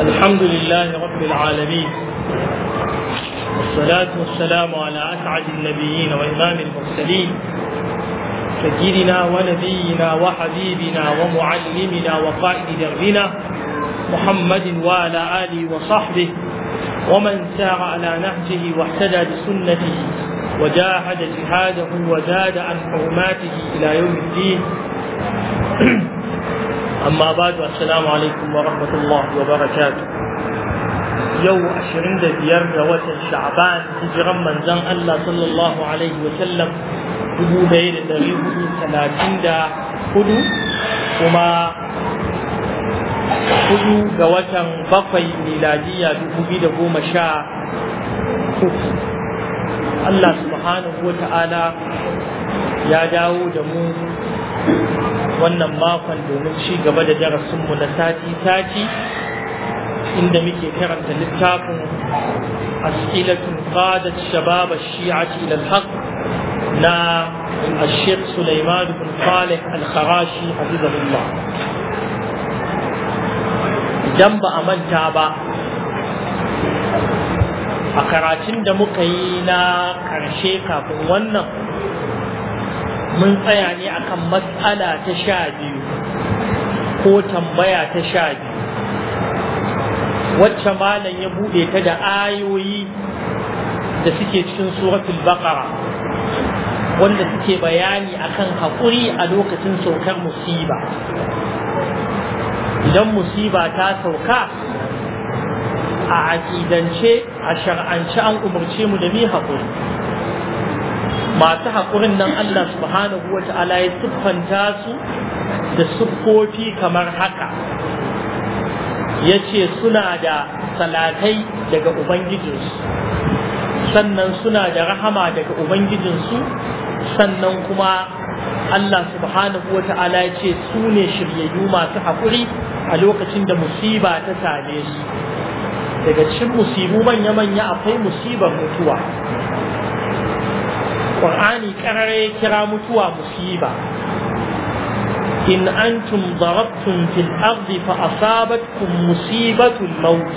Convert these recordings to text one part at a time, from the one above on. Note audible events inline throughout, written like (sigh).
الحمد لله رب العالمين والصلاة والسلام على أسعد النبيين وإمام المرسلين سيدنا ونبينا وحبيبنا ومعلمنا وقائد دربنا محمد وعلى آله وصحبه ومن سار على نهجه واهتدى بسنته وجاهد جهاده وزاد عن حرماته إلى يوم الدين (clears throat) amma ba da assalamu alaikum wa rahmatullah wa barakat yau 25 ga watan sha'ban hijiran manzan Allah sallallahu alaihi wa sallam 1434 kuma hudu ga watan bakwai miladiya 2013 Allah subhanahu wa ta'ala ya dawo da mu wannan makon domin ci gaba da darasinmu na sati-sati inda muke karanta littafin as'ilatun qadat shabab ash-shi'ati ila al na al-sheikh bin Salih al-Kharashi hafizahullah idan ba a manta ba a karatun da muka yi na karshe kafin wannan mun tsaya ne akan matsala ta sha biyu ko tambaya ta sha biyu wacce malam ya buɗe ta da ayoyi da suke cikin suratul baqara wanda suke bayani akan haƙuri a lokacin saukar musiba idan musiba ta sauka a aƙidance a shar'ance an umarce mu da mi haƙuri masu haƙurin nan Allah subhanahu wa ta'ala ya siffanta su da siffofi kamar haka ya ce suna da salatai daga Ubangijinsu sannan suna da rahama daga Ubangijinsu sannan kuma Allah subhanahu wa ta'ala ya ce su ne shiryayyu masu haƙuri a lokacin da musiba ta same su daga cikin musibu manya-manya akwai musibar mutuwa qur'ani ya kira mutuwa musiba in antum darabtum fil ardi fa asabatkum musibatul maut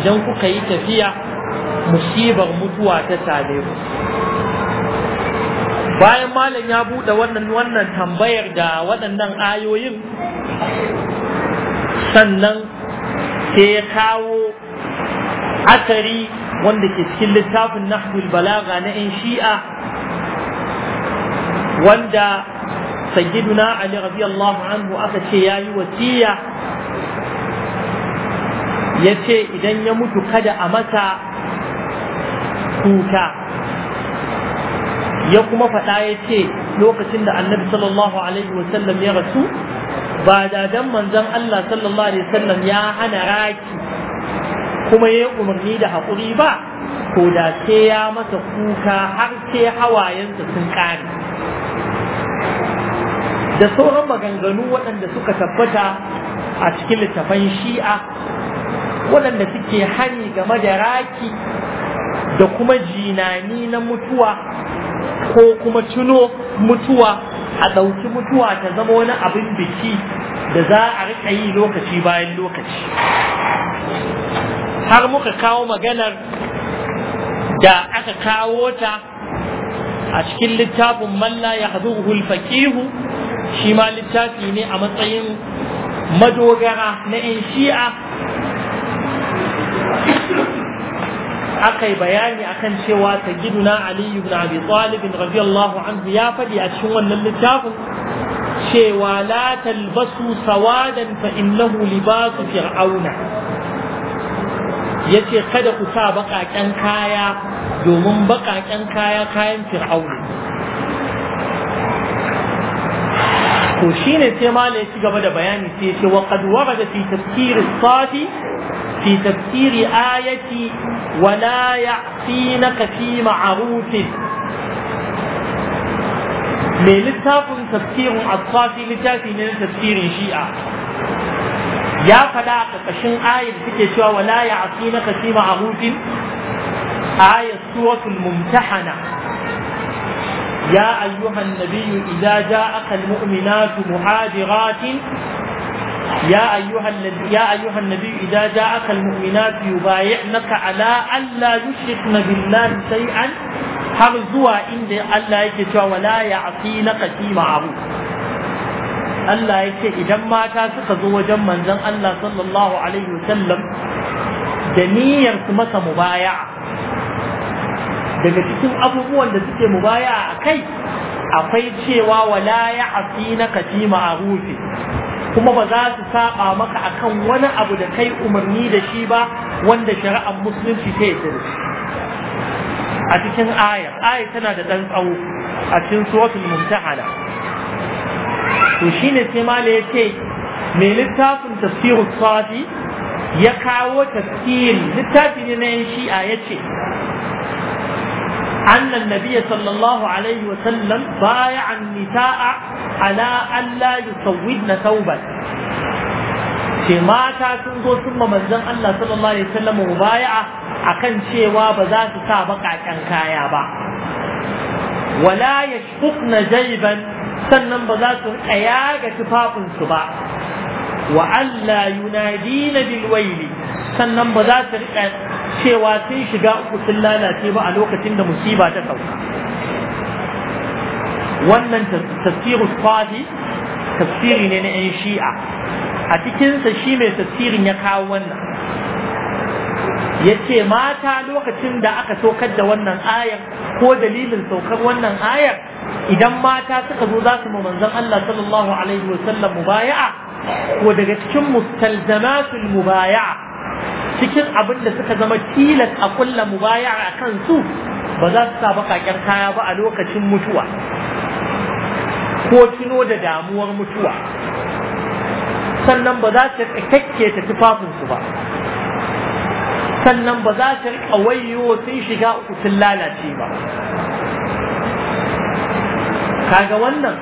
idan kuka yi tafiya musibar mutuwa ta same ku bayan malam ya buɗe wannan wannan tambayar da waɗannan ayoyin sannan sai ya kawo asari wanda ke cikin littafin nahjul balaga na 'yan shi'a wanda sayyiduna ali radiyallahu anhu aka ce yayi wasiya yace idan ya mutu kada a masa kuka ya kuma faɗa yace lokacin da annabi sallallahu alaihi wasallam ya rasu ba da dan manzon Allah sallallahu alaihi wasallam ya hana raki kuma ya yi umarni da haƙuri ba ko da ke ya masa kuka har sai hawayensa sun ƙare da sauran maganganu waɗanda suka tabbata a cikin littafan shi'a waɗanda suke hani game da raki da kuma jinani na mutuwa ko kuma tuno mutuwa a ɗauki mutuwa ta zama wani abin biki da za a riƙa yi lokaci bayan lokaci har muka kawo maganar da aka kawo ta a cikin littafin malla ya hazuhul shi ma littafi ne a matsayin madogara na 'yan shi'a aka yi bayani akan cewa ta giduna aliyu ibn abi talibin radiyallahu anhu ya faɗi a cikin wannan littafin cewa la talbasu sawadan fa innahu libasu fir'auna ya ce kada ku sa baƙaƙen kaya domin baƙaƙen kaya kayan fir'auna Ko shine sai mala ya ci gaba da bayani sai ce wa qad warada fi tafsir safi fi tafsiri ayati wa la ya'sinaka fi ma'arufin? me littafin tafsirin as littafi ne na tafsirin shi'a يا فدا كشن آية شوى ولا يعصينك في معروف آية سورة الممتحنة يا أيها النبي إذا جاءك المؤمنات مهاجرات يا أيها يا أيها النبي إذا جاءك المؤمنات يبايعنك على أن لا يشركن بالله شيئا حرزوها إن الله يكتوى ولا يعصينك في معروف Allah ya ce idan mata suka zo wajen manzon Allah sallallahu alaihi wasallam da niyyar su masa mubaya daga cikin abubuwan da suke mubaya a kai akwai cewa wala ya asi na a ma'arufi kuma ba za su saba maka akan wani abu da kai umarni da shi ba wanda shari'ar musulunci ta yi a cikin ayar ayar tana da ɗan tsawo a cikin suratul mumtahana to ne sai mala ya ce mai littafin tafsiru safi ya kawo tafsiri littafi ne na yan shi'a ya ce أن النبي صلى الله عليه وسلم بايع النساء على أن لا يسودن ثوبا ce mata sun zo sun ma manzon Allah sallallahu alaihi wasallam mubaya'a akan cewa ba za su sa baƙaƙen kaya ba wala ya yashqukna jayban sannan ba za su rika ga tufafinsu ba wa Allah yunadina bil waili sannan ba za su rika cewa sun shiga uku sun lalace ba a lokacin da musiba ta sauka wannan tafsirin fadi tafsiri ne na yan shi'a a cikinsa shi mai tafsirin ya kawo wannan ya ce mata lokacin da aka saukar da wannan ayar ko dalilin saukar wannan ayar idan mata suka zo za su ma manzon Allah sallallahu alaihi wa mubaya'a ko daga cikin mustalzamatul mubaya'a cikin abin da suka zama tilas a kulla mubaya'a a kansu ba za su sa baƙaƙen kaya ba a lokacin mutuwa ko tuno da damuwar mutuwa sannan ba za su kakke ta tufafinsu ba sannan ba za su riƙa wayo sun shiga uku sun lalace ba kaga wannan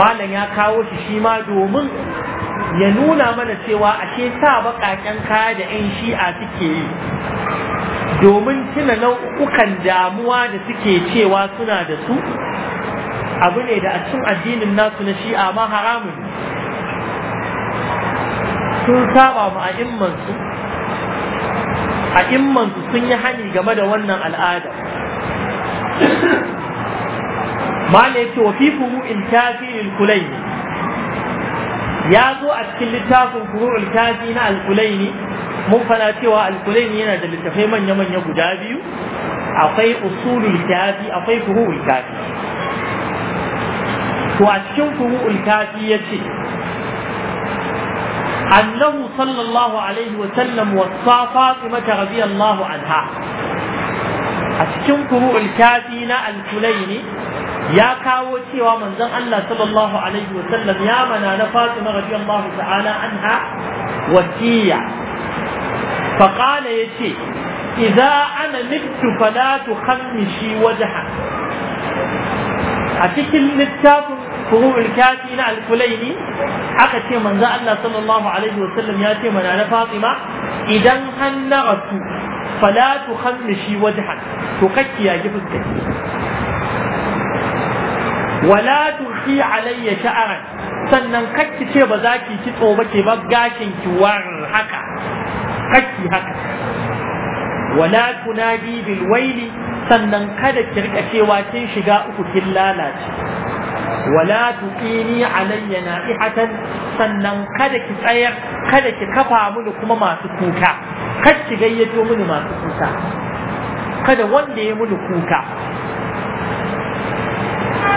malam ya kawo shi shi ma domin ya nuna mana cewa ashe sa baƙaƙen kaya da 'yan shi'a suke yi domin tuna nau'ukan damuwa da suke cewa suna da su abu ne da a cikin addinin nasu na shi'a ma haramun sun saba mu a'immansu a'immansu sun yi hani game da wannan al'ada ما ليس وفي فروع الكافي للكليني يازو أتكل لتاف فروع الكافي نا الكليني mun fana cewa alkulaini yana da littafai manya-manya guda biyu akwai usulul kafi akwai furu'ul kafi to a cikin furu'ul kafi ya ce annahu sallallahu alaihi wa sallam wasa fatimata radiyallahu anha a cikin furu'ul kafi na ne. ya kawo cewa manzon Allah sallallahu alaihi wa sallam ya mana na Fatima radiyallahu ta'ala anha wasiya fa qala yace idza ana mittu fala tukhammishi wajha a cikin littafin furu'ul kafi na al-kulaini aka ce manzo Allah sallallahu alaihi wasallam ya ce mana na Fatima idan hannaratu fala tukhammishi wajha to kakkiya ki fuskar wala tufi alayya sha'aran sannan kakki ce ba za ki kitso ba ke ba gashin ki war haka kakki haka wala tunadi bil waili sannan kada ki rika cewa kin shiga uku kin lalace wala tuqini alayya na'ihatan sannan kada ki tsayar kada ki kafa mini kuma masu kuka kar ki gayyato mini masu kuka kada wanda ya mini kuka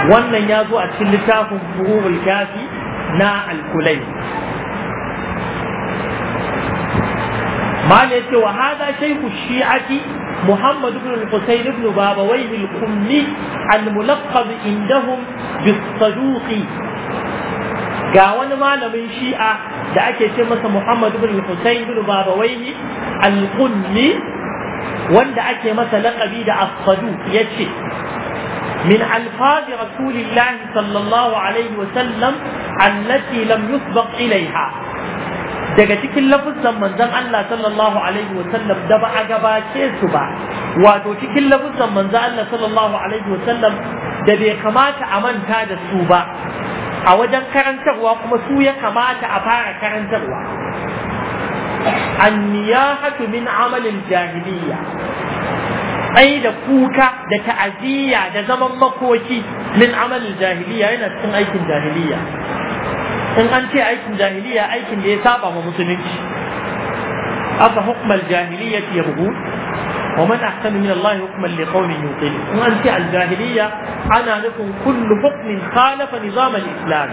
wannan ya zo a cikin littafin buhuhul kafi na alkulai Mane ce wa haza shaiku shi'ati Muhammadu bin Hussein ibn Babawai bil Kummi al mulaqqab indahum bi ga wani malamin shi'a da ake ce masa Muhammadu bin Hussein ibn Babawai al wanda ake masa laqabi da as ya ce. من ألفاظ رسول الله صلى الله عليه وسلم التي لم يسبق إليها daga cikin lafuzan manzon Allah sallallahu alaihi wa sallam da ba a gabace su ba wato cikin lafuzan manzon Allah sallallahu alaihi wa sallam da bai kamata a manta da su ba a wajen karantarwa kuma su ya kamata a fara karantarwa An anniyahatu min amalin jahiliya ai da kuka da ta'aziyya da zaman makoki min amalin jahiliya yana cikin aikin jahiliya in an ce aikin jahiliya aikin da ya saba wa musulunci aka hukumar jahiliya ya yargu wa man ahsanu min Allah hukman li qaumin yuqin in an ce al jahiliya ana nufin kullu hukmin khalafa nizam al islam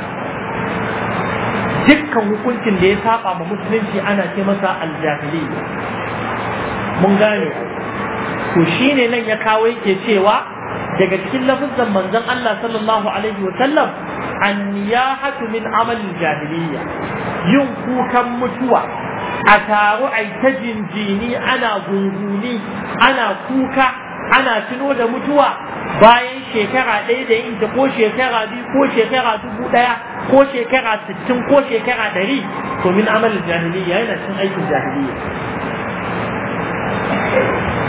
dukkan hukuncin da ya saba wa musulunci ana ce masa al jahiliya mun gane to shine nan ya kawo yake cewa daga cikin lafazan manzon Allah sallallahu alaihi wa sallam anniyahatu min amal jahiliya yin kukan mutuwa a taro ai ta jinjini ana gunguni ana kuka ana tuno da mutuwa bayan shekara ɗaya da yinta ko shekara biyu ko shekara dubu ɗaya ko shekara sittin ko shekara ɗari to min amal jahiliya yana cin aikin jahiliya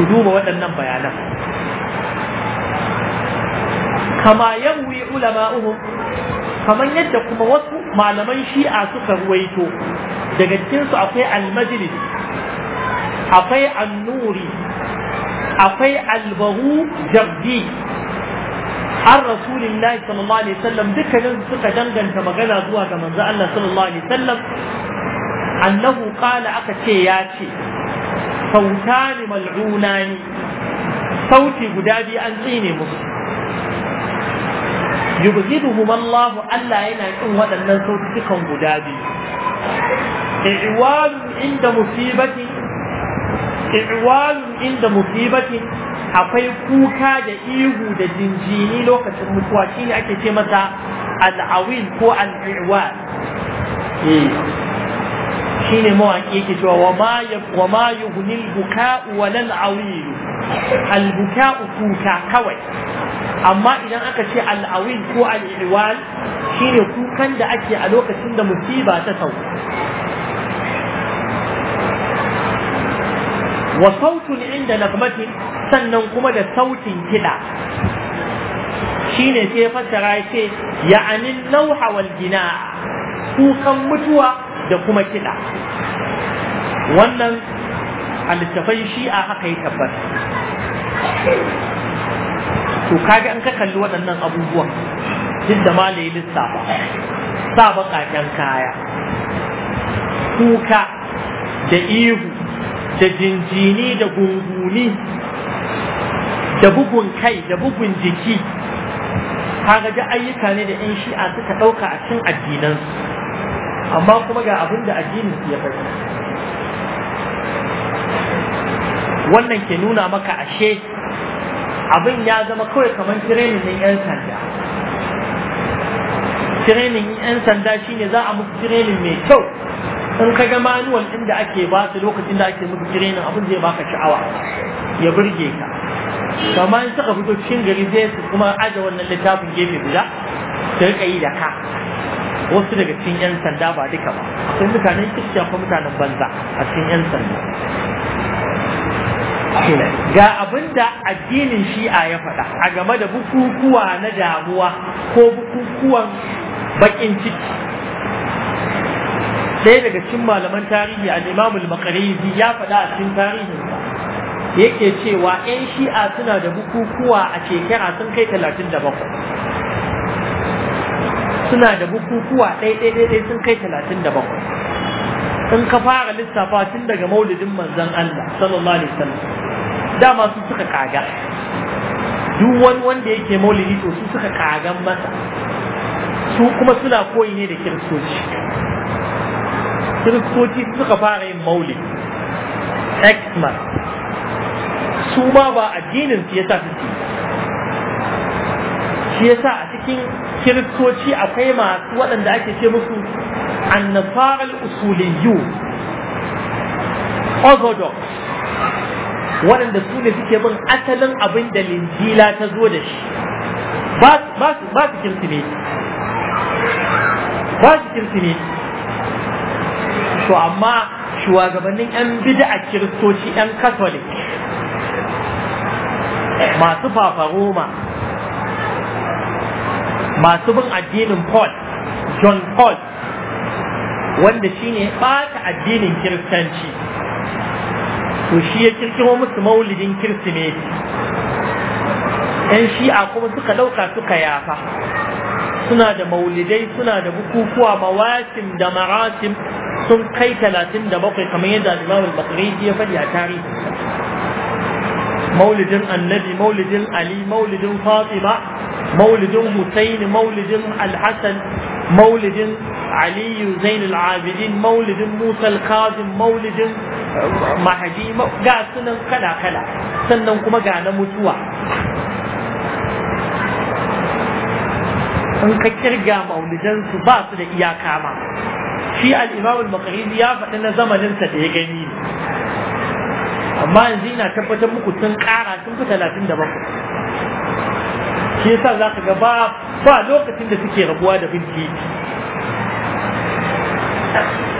ku duba waɗannan bayanan kama yawwi ulama'uhum kaman yadda kuma wasu malaman shi'a suka ruwaito daga cikinsu akwai al-majlis akwai an-nuri akwai al-bahu jabdi har rasulillahi sallallahu alaihi wasallam dukkanin suka danganta magana zuwa ga manzo Allah sallallahu alaihi wasallam annahu qala aka ce ya ce sautani mal'unani sauti guda biyu an tsine musu yubghiduhum Allah Allah yana kin waɗannan sautukan guda biyu i'wal inda musibati i'wal inda akwai kuka da ihu da jinjini lokacin mutuwa shine ake ce masa al'awil ko al'iwal hmm. ne mawaki yake cewa wa ma wa al-buka'u wa al-awil al-buka'u kuka kawai amma idan aka ce al-awil ko al-iwal shine kukan da ake a lokacin da musiba ta sauka wa sautun inda nagmatin sannan kuma da sautin kiɗa shine sai fassara ya ya'anin nauha wal jina kukan mutuwa da kuma kiɗa wannan a littafai shi'a haka ya tabbata to kaga an ka kalli waɗannan abubuwan duk da ma lissafa sa baƙaƙen kaya kuka da ihu da jinjini da gunguni da bugun kai da bugun jiki kaga ayyuka ne da 'yan shi'a suka ɗauka a cikin addinansu amma kuma ga abin da addinin ya faɗi wannan ke nuna maka ashe abin ya zama kawai kamar tirenin din 'yan sanda tirenin 'yan sanda shine za a muku tirenin mai kyau in ka ga manual inda da ake ba su lokacin da ake muku tirenin abin zai baka sha'awa ya burge ka kamar in suka fito cikin gari zai su kuma aje wannan littafin gefe guda sai ka yi da ka wasu daga cikin 'yan sanda ba duka ba akwai mutanen kirki akwai mutanen banza a cikin 'yan sanda ga abin da addinin shi'a ya faɗa a game da bukukuwa na damuwa ko bukukuwan bakin ciki ɗaya daga cikin malaman tarihi a imam al ya faɗa a cikin tarihinsa yake cewa 'yan shi'a suna da bukukuwa a shekara sun kai talatin da suna da bukukuwa ɗaiɗaiɗaiɗai sun kai talatin da bakwai in ka fara lissafa tun daga maulidin manzan Allah sallallahu alaihi wasallam dama su suka kaga duk wani wanda yake maulidi to su suka kagan masa su kuma suna koyi ne da kiristoci kiristoci suka fara yin maulidi xmas su ma ba addinin su yasa suke shi yasa a cikin kiristoci akwai masu waɗanda ake ce musu annasarar usuliyu orthodox waɗanda su ne suke bin asalin abin da linjila ta zo da shi ba su kirsimeti ba su kirsimeti to amma shugabannin 'yan bid'a kiristoci 'yan katolik masu fafaroma masu bin addinin Paul John Paul wanda shine ɓata addinin kiristanci to shi ya kirkiro musu maulidin kirsimeti yan shi'a kuma suka ɗauka suka yafa suna da maulidai suna da bukukuwa mawasim da marasim sun kai talatin da bakwai kamar yadda Imam al ya faɗi a tarihi maulidin annabi maulidin ali maulidin fatima maulidin Husaini maulidin al maulidin Aliyu Zain al-Abidin maulidin Musa al-Kazim maulidin Mahadi ga sunan kala-kala sannan kuma ga mutuwa in ka kirga maulidansu ba su da iyaka ma shi al-Imam al ya faɗi na zamaninsa da ya gani amma yanzu ina tabbatar muku sun ƙara sun fi talatin da bakwai shi yasa za ka ga ba ba lokacin da suke rabuwa da bin titi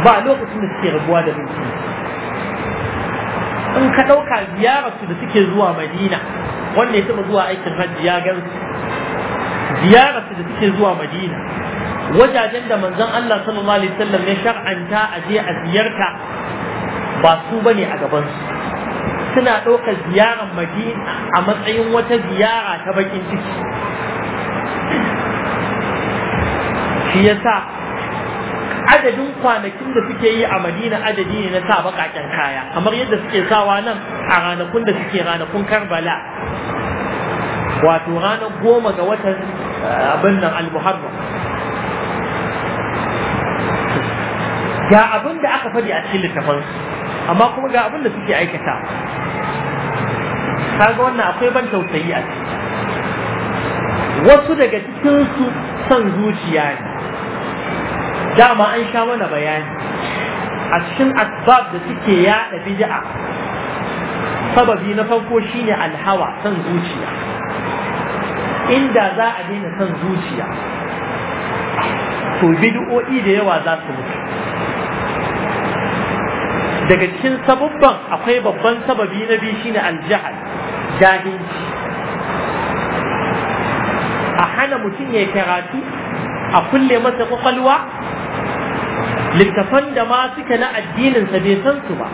ba lokacin da suke rabuwa da bin in ka ɗauka ziyararsu da suke zuwa madina wanda ya taɓa zuwa aikin hajji ya gan ziyararsu da suke zuwa madina wajajen da manzon Allah sallallahu alaihi wasallam ya shar'anta a je a ziyarta ba su bane a gaban su suna ɗaukar ziyarar madina a matsayin wata ziyara ta bakin ciki shi sa adadin kwanakin da suke yi a madina adadi ne na sa baƙaƙen kaya kamar yadda suke sawa nan a ranakun da suke ranakun karbala wato ranar goma ga watan eh, abin nan al-muharram ga abin da aka faɗi a cikin littafansu amma kuma ga abin da suke aikata kaga wannan akwai ban tausayi a ciki wasu daga cikin su son zuciya ne dama an sha mana bayani a cikin asbab da suke yaɗa bid'a sababi na farko shine alhawa son zuciya inda za a daina son zuciya to bid'o'i da yawa za su mutu daga cikin sababban akwai babban sababi na biyu shine aljahal jahilci a hana mutum ya karatu a kulle masa kwakwalwa littafan da ma suke na addininsa bai san su ba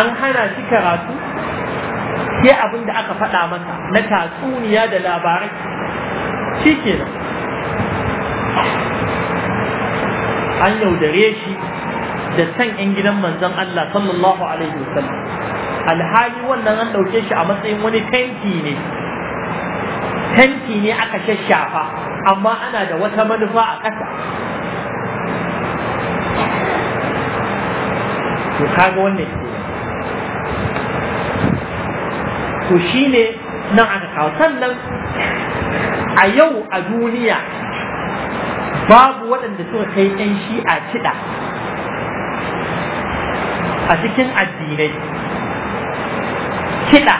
an hana shi karatu sai abin da aka faɗa masa na tatsuniya da labarai shi kenan an yaudare shi da san ‘yan gidan manzon Allah sallallahu Alaihi wasallam alhali wannan an ɗauke shi a matsayin wani tanki ne tanki ne aka shashafa amma ana da wata manufa a ƙasa to kaga wannan ke to shine nan aka kawo sannan a yau a duniya babu waɗanda suka kai ƴan shi'a kiɗa a cikin addinai kiɗa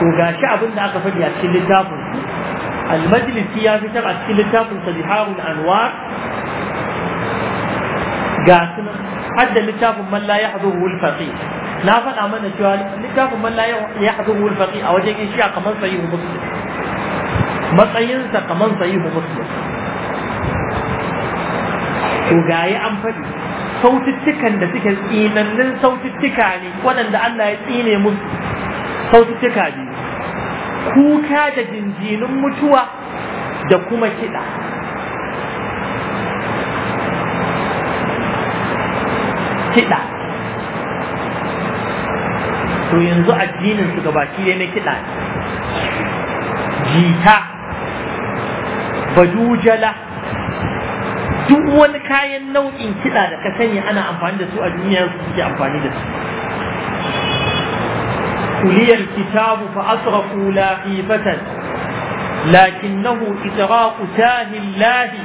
to ga abin da aka faɗi a cikin littafin su almajlisi ya fitar a cikin littafin sa zihabun anwar ga su nan har da littafin malla ya haɗu wul fasi na faɗa mana cewa littafin malla ya haɗu wul fasi a wajen ƴan shi'a kamar sayi rubutu matsayinsa kamar sahihu muslim to yi an faɗi sautittukan da suke tsinannin sautittuka ne waɗanda Allah ya tsine musu sautittuka ne. kuka da jinjinin mutuwa da kuma kiɗa kiɗa to yanzu addinin su gabaki ne na kiɗa jita badujala duk wani kayan nau'in kiɗa da ka sani ana amfani da su a duniya su suke amfani da su kuliyar kitabu fa asrafu laqifatan lakinnahu itraqu tahillahi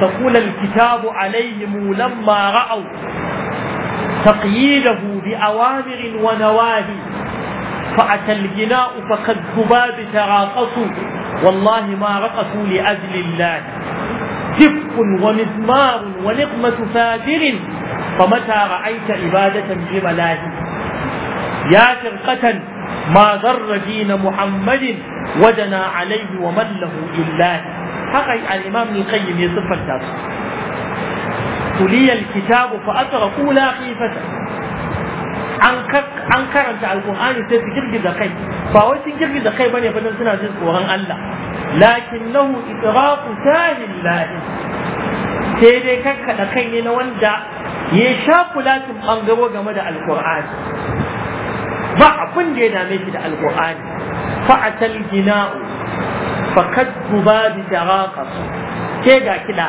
تقول الكتاب عليهم لما رأوا تقييده بأوامر ونواهي فأتى الجناء فقد ذباب تراقصوا والله ما رقصوا لأجل الله دفء ومزمار ونقمة فاجر فمتى رأيت عبادة بملاه يا فرقة ما ضر دين محمد ودنا عليه ومن له إلا حقا الإمام القيم يصف الكتاب تلي الكتاب فاتركوا لا خيفة an karanta alkur'ani sai su girgiza kai ba wai sun girgiza kai bane fa suna jin tsoron Allah lakinnahu itraqu sahillahi sai dai kakkada kai ne na wanda ya sha kulatin bangaro game da alkur'ani ba abin da ya dame shi da alkur'ani fa'atal gina'u fakad guba bi jaraqas sai ga kida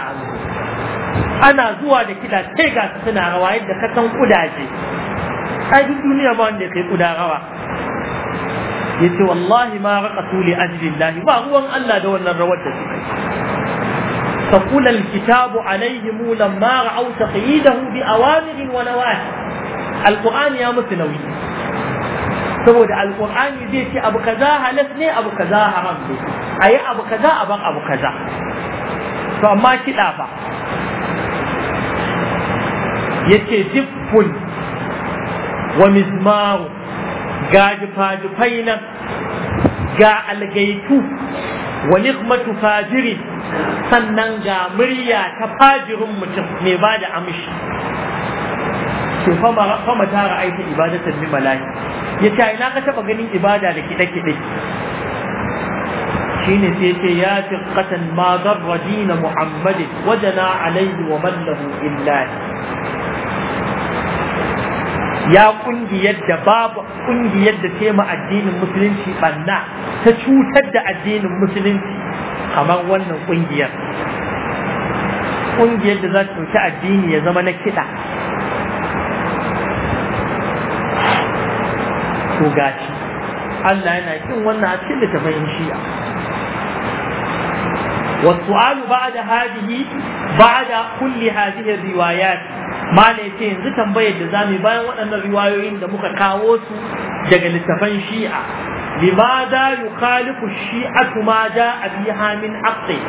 ana zuwa da kida sai ga suna rawa yadda ka san kudaje ai duk duniya ba wanda kai kuda rawa Ya ce wallahi ma raqatu li ajli Allah ba ruwan Allah da wannan rawar da suka فقول الكتاب عليهم لما رأوا تقييده بأوامر ونواهي ya يا nauyi saboda alƙur'ani zai ce abu kaza halas ne abu kaza haram ne a yi abu kaza a bar abu kaza to amma kiɗa fa yace ziffun wa mizmaru ga jifa-jifai nan ga algaitu wa nikmatu fajiri sannan ga murya ta fajirin mutum mai ba da amshi ke fama tara aita ibadatar bi malaki ya ce ina ka taba ganin ibada da kiɗe-kiɗe shine sai ce ya fiqatan ma darra dina muhammadin wajana alayhi wa mallahu illahi ya kungiyar da babu kungiyar da tema addinin musulunci banna ta cutar da addinin musulunci kamar wannan kungiyar kungiyar da za ta cuci addini ya zama na kiɗa ko gaci Allah yana kin wannan a cikin littafin shi'a والسؤال بعد هذه بعد كل هذه الروايات mala ya ce yanzu tambayar da za mu bayan waɗannan riwayoyin da muka kawo su daga littafan shi'a limada yukhalifu shi'atu ma ja'a biha min aqdi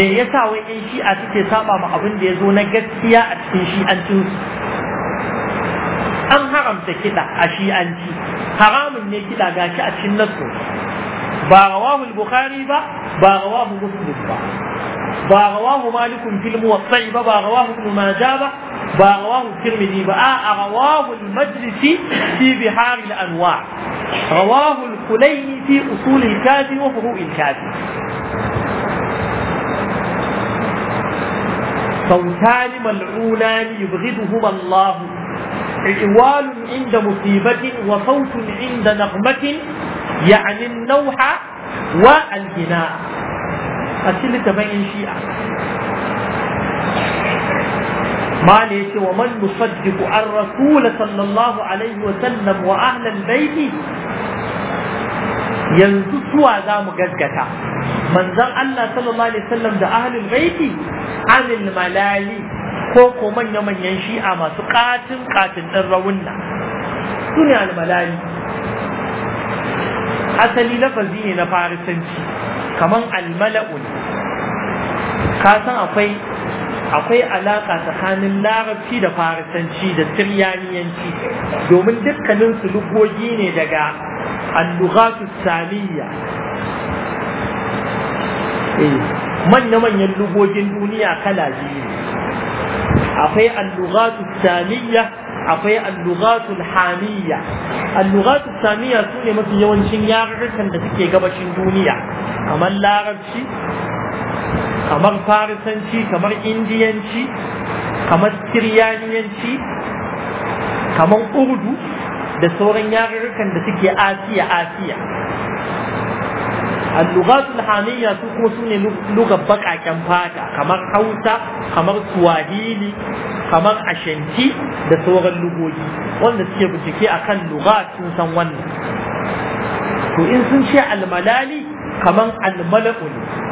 me yasa wai yan shi'a suke saba ma abin da yazo na gaskiya a cikin shi'ancin su an haramta kiɗa a shi'anci haramun ne kiɗa gashi a cikin nasu ba rawahu al-bukhari ba ba rawahu muslim ba ba rawahu malikun fil muwatta'i ba ba rawahu ibn majah ba ba rawahu tirmidhi ba a rawahu al-majlisi fi bihar al-anwa rawahu al-kulayni fi usul al-kafi wa furu' al-kafi صوتان ملعونان يبغضهما الله عوال عند مصيبة وصوت عند نغمة يعني النوح والغناء a cikin littafin shi'a ma ne yace wa man yusaddiqu ar rasul sallallahu alaihi wa sallam wa ahlal baiti yanzu suwa za mu gaskata manzon Allah sallallahu alaihi wasallam da ahlul baiti anil malali ko ko manya manyan shi'a masu katin katin din rawunna sune al malali asali lafazi ne na farisanci kaman al mala'un Kasan akwai akwai alaka tsakanin larabci da farisanci da siryaniyanci domin dukkanin su lugogi ne daga al-lughatu saliyya eh, manya-manyan lugogin duniya kala biyu akwai Allugatu Saniya, akwai Allugatu lughatu Allugatu Saniya lughatu samiyya su ne mafi yawancin yarurrukan da suke gabashin duniya kamar larabci kamar farisanci kamar indiyanci kamar kiryaniyanci kamar urdu da sauran yarurrukan da suke asiya asiya allugatul hamiyya su kuma su ne lugar fata kamar hausa kamar swahili kamar ashanti da sauran lugogi wanda suke bincike a kan sun san wannan to in sun ce almalali kamar almalakuli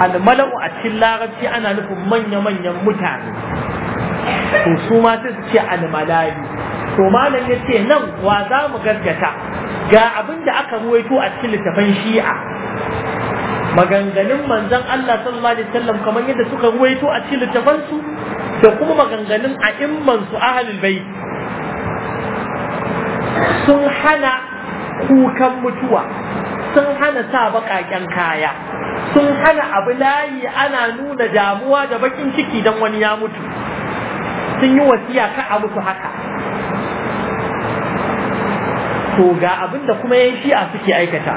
almala'u a cikin larabci ana nufin manya-manyan mutane to su ma sai su ce almala'i to malam ya ce nan wa za mu gargata ga abin da aka ruwaito a cikin littafan shi'a maganganun manzon Allah sallallahu alaihi wasallam kamar yadda suka ruwaito a cikin littafan su da kuma maganganun a'imman su ahlul bayt sun hana kukan mutuwa sun hana sa baƙaƙen kaya sun hana abu layi ana nuna damuwa da bakin ciki don wani ya mutu sun yi wasiya ka a mutu haka to ga abin da kuma shi a suke aikata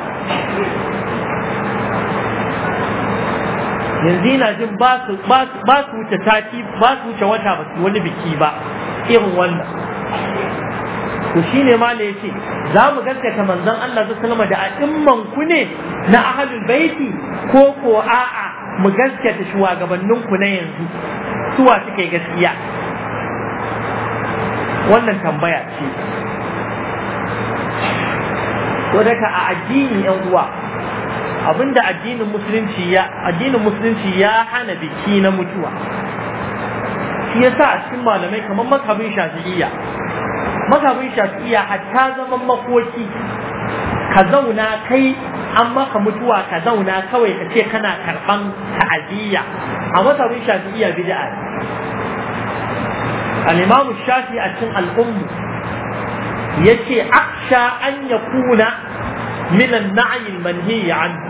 yanzu yana jin ba su wuce tati ba su wuce wata ba su wani biki ba irin wannan to shine ma ne yace za mu gaskata manzon Allah sallallahu alaihi da a'imman ku ne na ahlul baiti ko ko a'a mu gaskata shugabannin ku na yanzu suwa suke gaskiya wannan tambaya ce to daga a addini yan uwa abinda addinin musulunci ya addinin musulunci ya hana biki na mutuwa shi yasa a cikin malamai kamar mazhabin shafi'iyya mazhabin shafi'iyya hatta zaman makoki ka zauna kai an maka mutuwa ka zauna kawai ka ce kana karban ta'aziyya a mazhabin shafi'iyya bid'a ne al-imam shafi a cikin al-ummu yace aksha an yakuna min an-na'i al-manhi anhu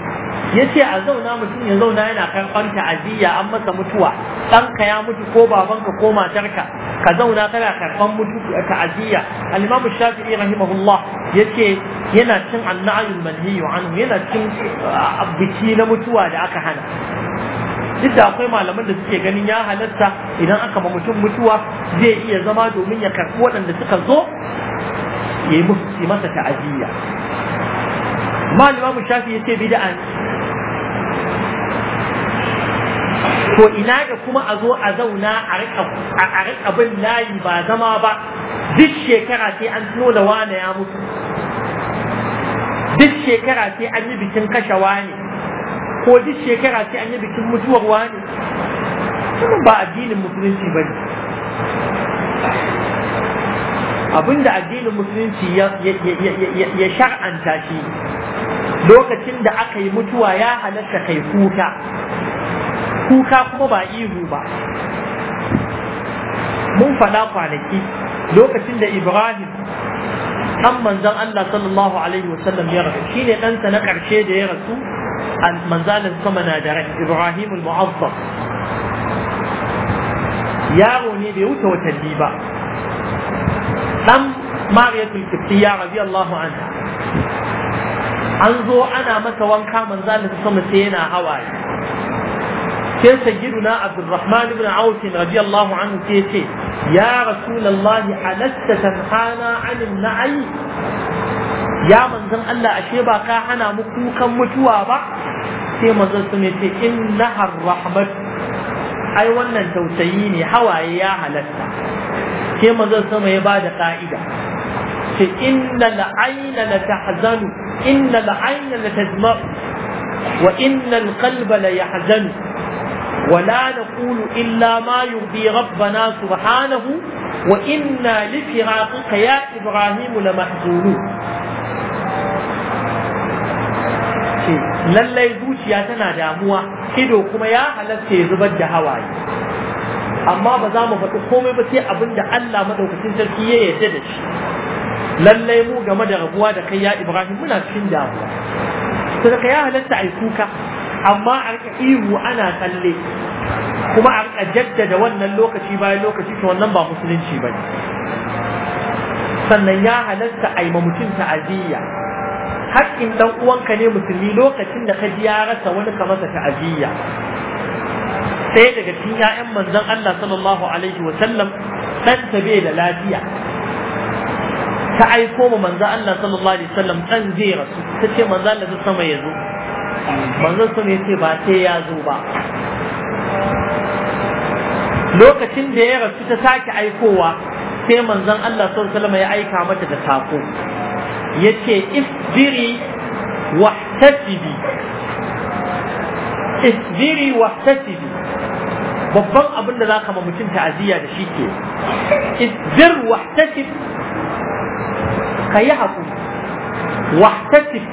ya ce a zauna mutum ya zauna yana karɓar ta'aziyya an masa mutuwa ɗanka ya mutu ko babanka ko matarka ka zauna kana karɓar mutu ta'aziyya al-imamu shafi'i rahimahullah ya ce yana cin annayul manhiyu anhu yana cin ah, biki na mutuwa da aka hana duk da akwai malaman da suke ganin ya halatta idan aka ma mutum mutuwa zai iya zama domin ya karɓi waɗanda suka zo ya yi masa ta'aziyya malama mu shafi ya ce bid'a to ina da kuma a zo a zauna a riƙa bin layi ba zama ba duk shekara sai an tuno da wane ya mutu duk shekara sai an yi bikin kashe wane ko duk shekara sai an yi bikin mutuwar wane wannan ba addinin musulunci ba ne abinda addinin musulunci ya shar'anta shi lokacin da aka yi mutuwa ya halatta kai kuka kuka kuma ba ihu ba mun faɗa kwanaki lokacin da ibrahim ɗan manzan allah sallallahu alaihi wasallam ya rasu ne ɗansa na ƙarshe da ya rasu manzalin sama na da rai ibrahim al-mu'azzam yaro ne bai wuce watanni ba ɗan mariyatul rabi Allahu anha an zo ana masa wanka manzalin sama sai yana hawaye sai sayyiduna abdurrahman ibn auf radiyallahu anhu sai ce ya rasulullah halatta tanhana anil na'i ya manzon Allah ashe ba ka hana mu kukan mutuwa ba sai manzon sun ce in innaha rahmat ai wannan tausayi ne hawaye ya halatta sai manzon sama ya bada ka'ida ce inna la'ayna la tahzanu inna la'ayna la tajma'u wa inna al-qalba la yahzanu ولا نقول إلا ما يرضي ربنا سبحانه وإنا لفراقك يا إبراهيم لمحزونون lallai zuciya tana damuwa ido kuma ya halatta ya zubar da hawaye amma ba za mu faɗi komai ba sai abin da Allah madaukakin sarki ya yarda da shi lallai mu game da rabuwa da kai ya Ibrahim muna cikin damuwa sai ka ya halatta ai kuka amma a rika ihu ana tsalle kuma a rika jaddada wannan lokaci bayan lokaci to wannan ba musulunci ba ne sannan ya halatta a yi ma mutum ta'aziyya haƙƙin ɗan uwanka ne musulmi lokacin da ka ji ya rasa wani ka masa ta'aziyya sai daga cikin 'ya'yan manzon Allah sallallahu alaihi wa sallam ta bai da lafiya ta aiko ma manzon Allah sallallahu alaihi wa sallam dan zai rasu ta ce manzon Allah sama ya zo manzon sun yace ba sai ya zo ba lokacin da ya rasu ta sake aikowa sai manzon Allah sallallahu ya aika mata da sako yace isbiri wahtasibi isbiri wahtasibi babban abin da zaka ma mutum ta'aziyya da shi ke isbir wahtasib kayi hakuri wahtasib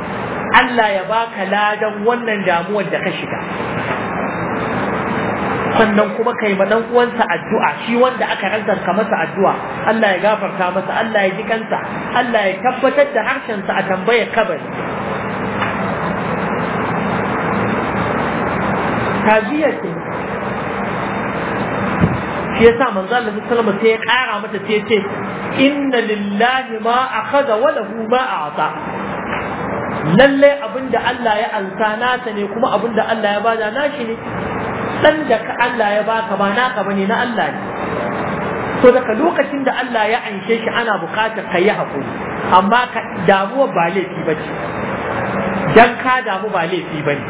Allah ya baka ladan wannan damuwar da ka shiga sannan kuma kai ma dan uwansa addu'a shi wanda aka rantsarka masa addu'a Allah ya gafarta masa Allah ya ji kansa Allah ya tabbatar da harshen sa a tambayar kabari taziya ce shi yasa manzo Allah sallallahu alaihi sai ya kara mata sai ce inna lillahi ma akhadha wa lahu ma a'ta lallai abinda Allah ya ansa nasa ne kuma abinda Allah ya bada nashi ne dan da ka Allah ya baka ba na ka bane na Allah ne to daga lokacin da Allah ya anshe shi ana buƙatar ka yi hakuri amma ka damu ba laifi ba ce, dan ka damu ba laifi bane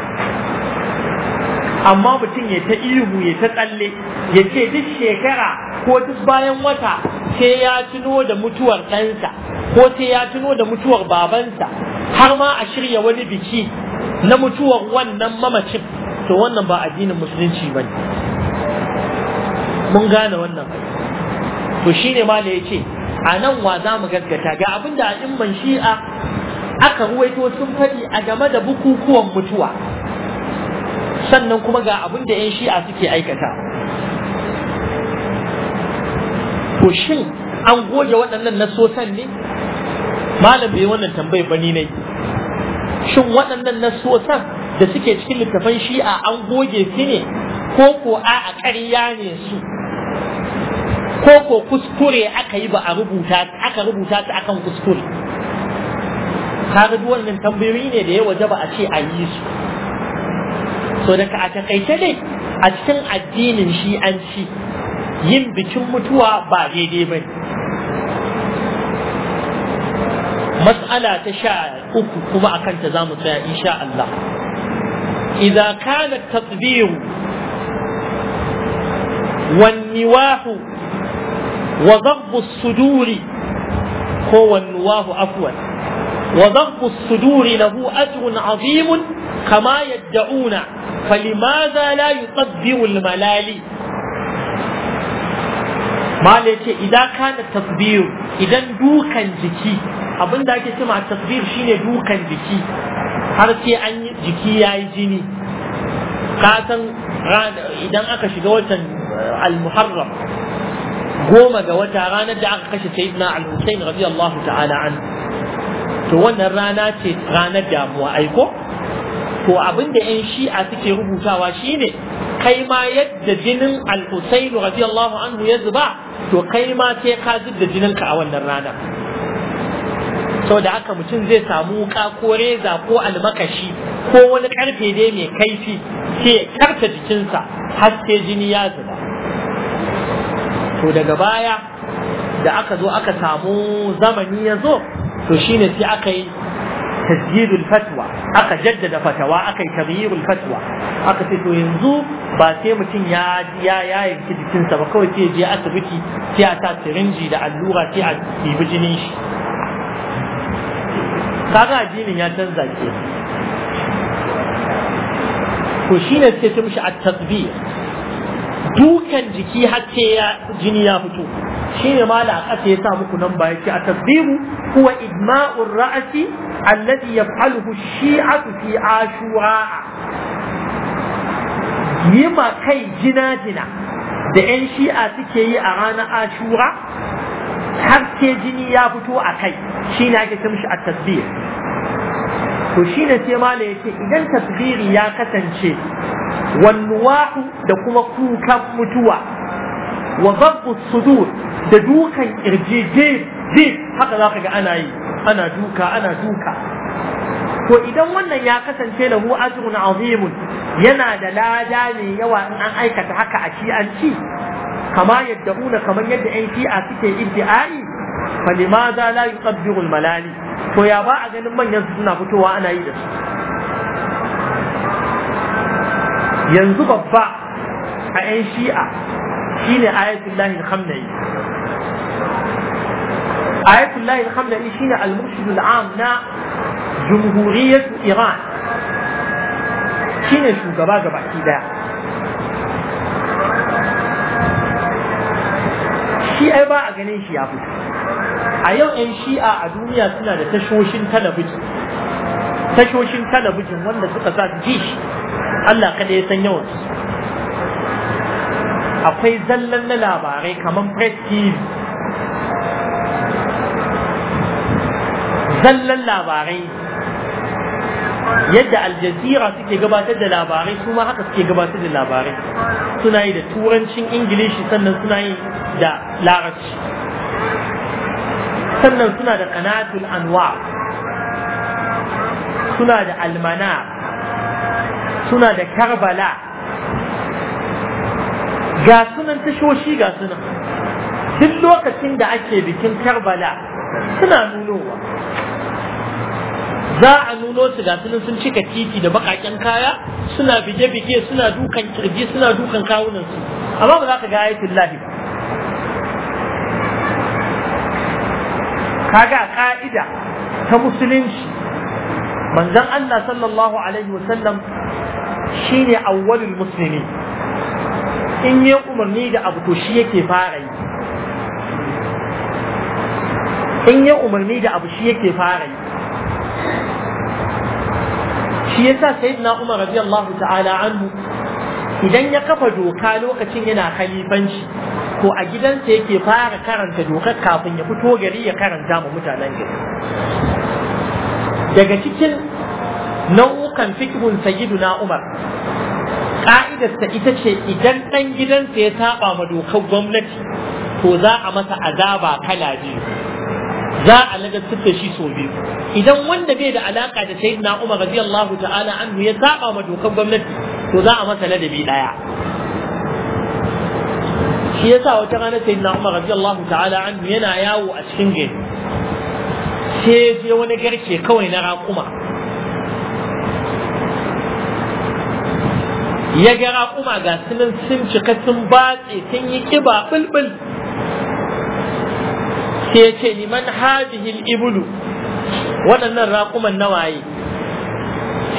amma mutum ya ta ihu ya ta tsalle ya ce duk shekara ko duk bayan wata sai ya tuno da mutuwar ɗansa ko sai ya tuno da mutuwar babansa har ma a shirya wani biki na mutuwar wannan mamacin to wannan ba addinin musulunci ne. mun gane wannan to shi ne ma da ce, a nan wa za mu gaskata ga abin da a'imman shi'a aka ruwaito sun faɗi a game da bukukuwan mutuwa sannan kuma ga abin da 'yan shi'a suke aikata to shin an goge waɗannan nasosan ne malam bai wannan tambayar bani ne shin waɗannan nasosan da suke cikin littafan shi'a an goge su ne ko ko a a ƙarya ne su ko ko kuskure aka yi ba a rubuta aka rubuta su akan kuskure kaga duk wannan tambayoyi ne da ya wajaba a ce a yi su so daga a takaice dai a cikin addinin shi'anci yin bikin mutuwa ba daidai bane mas'ala ta sha uku kuma a kanta za mu tsaya insha Allah. Iza kana tasbiru wan niwahu wa zabbu suduri ko wan niwahu afuwan wa zabbu suduri lahu ajrun azimun kama yadda'una falimaza la yutabbiru malali Malaka ce, "Ida kana tasbiru idan dukan jiki abin da ake cima tasbir shine dukan jiki har sai an yi jiki ya yi jini ka idan aka shiga watan eh, al-muharram goma ga wata ranar da aka kashe sayyidina al-husayn radiyallahu ta'ala an to wannan rana ce ranar damuwa aiko to abin da yan shi'a suke rubutawa shine kai ma yadda jinin al-husayn radiyallahu anhu ya zuba to kai ma sai ka zubda jininka a wannan rana da haka mutum zai samu wuka ko reza ko almakashi ko wani karfe dai mai kaifi sai ya karta jikinsa har sai jini ya zuba to daga baya da aka zo aka samu zamani ya zo to shine sai aka yi tasjidul fatwa aka jaddada fatawa aka yi fatwa aka ce to yanzu ba sai mutum ya ya ya yanki jikinsa ba kawai sai je asibiti sai a sa sirinji da allura sai a ɗibi jinin shi kaga addinin ya canza ke to shine suke ce mishi a tasbih dukan jiki har ya jini ya fito shine mala a ƙasa ya sa muku nan ba yake at-tasbihu huwa idma'u ar alladhi yaf'aluhu shiatu fi ashura yi ma kai jina jina da 'yan shi'a suke yi a ranar ashura har sai jini ya fito a kai shi ne ake ce mishi a tasbir to shi ne sai mala yake idan tasbiri ya kasance wannuwa'u da kuma kukan mutuwa wa zabbu sudur da dukan kirji je haka za ka ga ana yi ana duka ana duka to idan wannan ya kasance lahu ajrun azimun yana da lada ne yawa in an aikata haka a ci an ci كما يدعون كما يدعى في أسيت الدعاء فلماذا لا يقدر الملالي فيا با أجن من يزدنا فتوى أنا إذا ينزب با أين شيء شين آية الله الخمني آية الله الخمني شين المرشد العام نا جمهورية إيران شين شو جبا جبا كده shi ai ba a ganin shi ya fito a yau 'yan shi'a a duniya suna da tashoshin talabijin tashoshin talabijin wanda suka sa su ji shi Allah kada ya san yawan su akwai zallan na labarai kamar press TV zallan labarai yadda aljazira suke gabatar da labarai su ma haka suke gabatar da labarai suna yi da turancin ingilishi sannan suna yi da larabci sannan suna da kanatul anwa suna da almana suna da karbala ga sunan tashoshi ga sunan duk lokacin da ake bikin karbala suna nunowa za a nuno su ga sunan sun cika titi da bakaken kaya suna bige-bige suna dukan kirji suna dukan kawunan su amma ba za ka ga ayatul lahi ba kaga ka'ida ta musulunci manzon Allah sallallahu alaihi wa sallam shine awwalul muslimi in ya umarni da abu to shi yake fara yi in ya umarni da abu shi yake fara yi shi yasa sayyidina Umar radiyallahu ta'ala anhu idan ya kafa doka lokacin yana khalifanci ko a gidansa yake fara karanta dokar kafin ya fito gari ya karanta ma mutanen gari daga cikin nau'ukan fikihun sayyiduna Umar ka'idarsa ita ce idan ɗan gidansa ya saba ma dokar gwamnati to za a masa azaba kala biyu za a ladabtar da shi sau biyu idan wanda bai da alaka da sayyidina Umar radiyallahu ta'ala ya saba ma dokar gwamnati to za a masa ladabi daya shi yasa wata rana sayyidina Umar radiyallahu ta'ala yana yawo a cikin gari sai je wani garke kawai na raƙuma ya ga raƙuma ga sunan sun cika sun batse sun yi kiba bulbul sai ya ce liman hadihil ibulu waɗannan raƙuman nawaye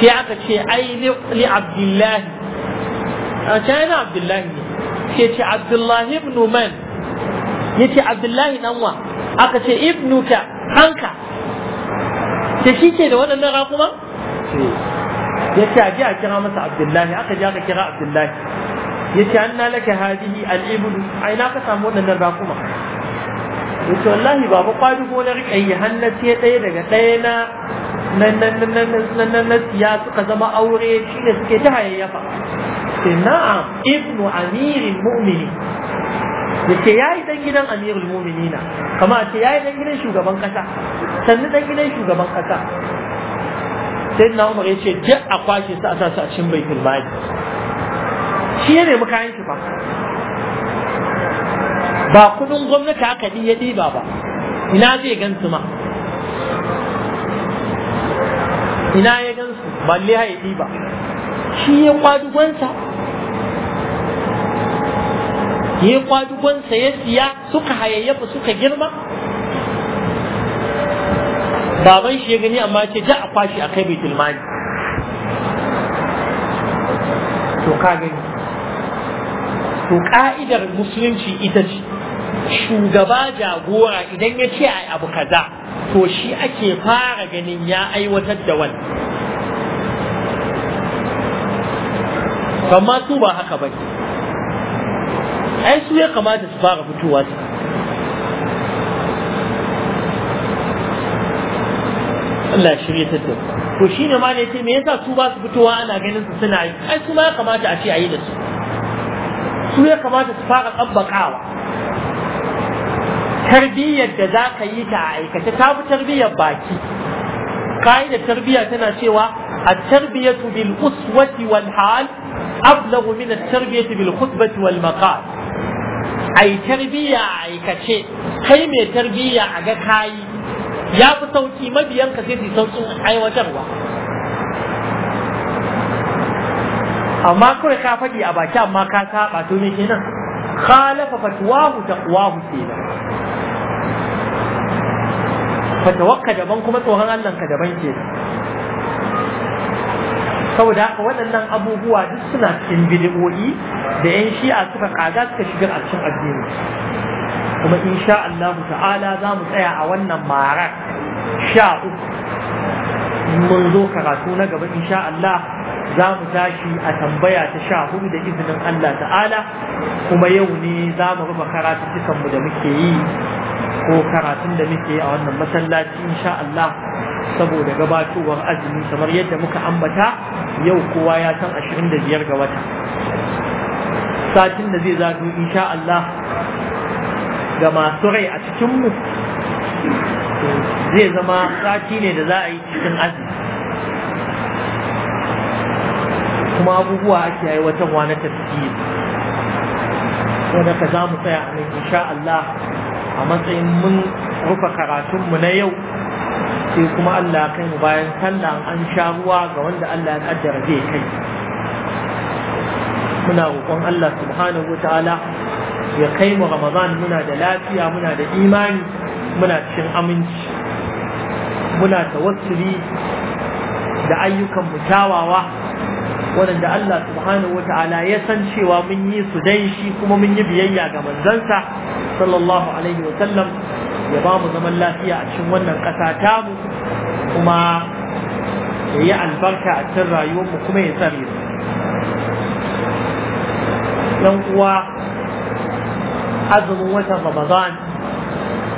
sai aka ce ai li abdullahi a ce abdullahi ne sai ce abdullahi ibn man ya ce abdullahi ɗanwa aka ce ibnuka ɗanka sai shi ke da waɗannan raƙuman ya ce a ji a kira masa abdullahi aka ji aka kira abdullahi ya ce an na laka hadihi al-ibulu ai na ka samu waɗannan raƙuman yace wallahi baba kwadugo na rika yi hannace ɗaya daga ɗaya na nan ya suka zama aure shi ne suke ta hayayyafa sai na'am ibnu amirin amirul a ce yayi dan shugaban kasa sannu shugaban umar yace duk a kwashe su a sa a cikin shi ne mu kayan shi ba kudin gwamnati aka ya ɗiba ba ina zai gan su ma ina ya gan su balle ya ɗiba shi ya gwansa. ya gwansa ya siya suka hayayyafa suka girma baban shi ya gani amma ce ja a kwashi a kai bai tilmani to ka gani to ka'idar musulunci ita ce shugaba jagora idan ya ce a abu kaza to shi ake fara ganin ya aiwatar da wani amma su ba haka ba ai su ya kamata su fara fitowa su Allah shirya ta to shi ne ma ne ce me yasa su ba su fitowa ana ganin su suna yi ai su ma ya kamata a ce a yi da su su ya kamata su fara tsabbakawa tarbiyyar da za ka yi ta a aikace ta fi tarbiyyar baki ka'idar tarbiyya tana cewa a tarbiyyatu bil uswati wal hal ablagu min at tarbiyyatu bil khutbati wal maqal ai tarbiyya a aikace kai mai tarbiyya a ga kayi ya fi sauki mabiyanka sai su sauƙin aiwatarwa amma kawai ka faɗi a baki amma ka saba to me kenan khalafa fatwahu taqwahu kenan fatawakka daban kuma tsohon Allah ka daban ke saboda haka waɗannan abubuwa duk suna cikin bid'o'i da yan shi'a suka kaga suka shigar a cikin addini kuma insha Allah ta'ala za mu tsaya a wannan marar sha uku mun zo karatu na gaba insha Allah za mu tashi a tambaya ta sha hudu da izinin Allah ta'ala kuma yau ne za mu ruba karatu mu da muke yi ko karatun da muke a wannan masallaci insha Allah saboda gabatowar azumi kamar yadda muka ambata yau kowa ya san 25 ga wata satin da zai zago insha Allah ga masu rai a cikin mu zai zama sati ne da za a yi cikin azumi kuma abubuwa ake aiwatarwa na tafsiri wanda ka za mu tsaya a insha Allah a matsayin mun rufe karatunmu na yau sai kuma Allah kai mu bayan sallah an sha ruwa ga wanda Allah ya kaddara zai kai muna roƙon Allah subhanahu wataala ya kai mu Ramadan muna da lafiya muna da imani muna cikin aminci muna tawassuli da ayyukan mu kyawawa waɗanda Allah subhanahu ta'ala ya san cewa mun yi su dan shi kuma mun yi biyayya ga manzansa sallallahu alaihi wa sallam ya ba mu zaman lafiya a cikin wannan ƙasa tamu kuma ya yi albarka a cikin mu kuma ya tsare mu yan uwa azumin watan ramadan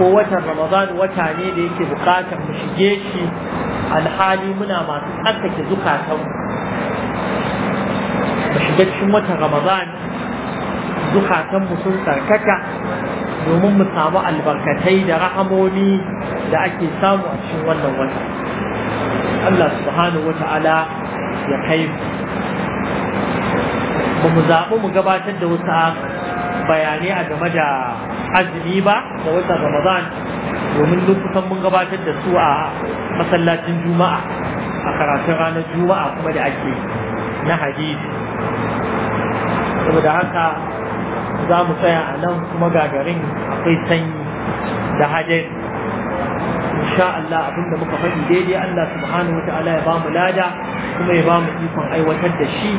ko watan ramadan wata ne da yake bukatar mu shige shi alhali muna masu tsarkake zukatanmu shiga cikin watan ramadan mu sun sarkaka domin mu samu albarkatai da rahamomi da ake samu a cikin wannan wata Allah subhanahu wa ta'ala ya kai ba mu zaɓi mu gabatar da wasu bayanai a game da azumi ba da watan ramadan domin lokutan mun gabatar da su a masallacin juma'a a karatun ranar juma'a kuma da ake na hadisi saboda haka za mu tsaya a nan kuma gagarin akwai sanyi da hajjari insha Allah abinda muka faɗi daidai Allah subhanahu wa ta'ala ya bamu lada kuma ya bamu ikon aiwatar da shi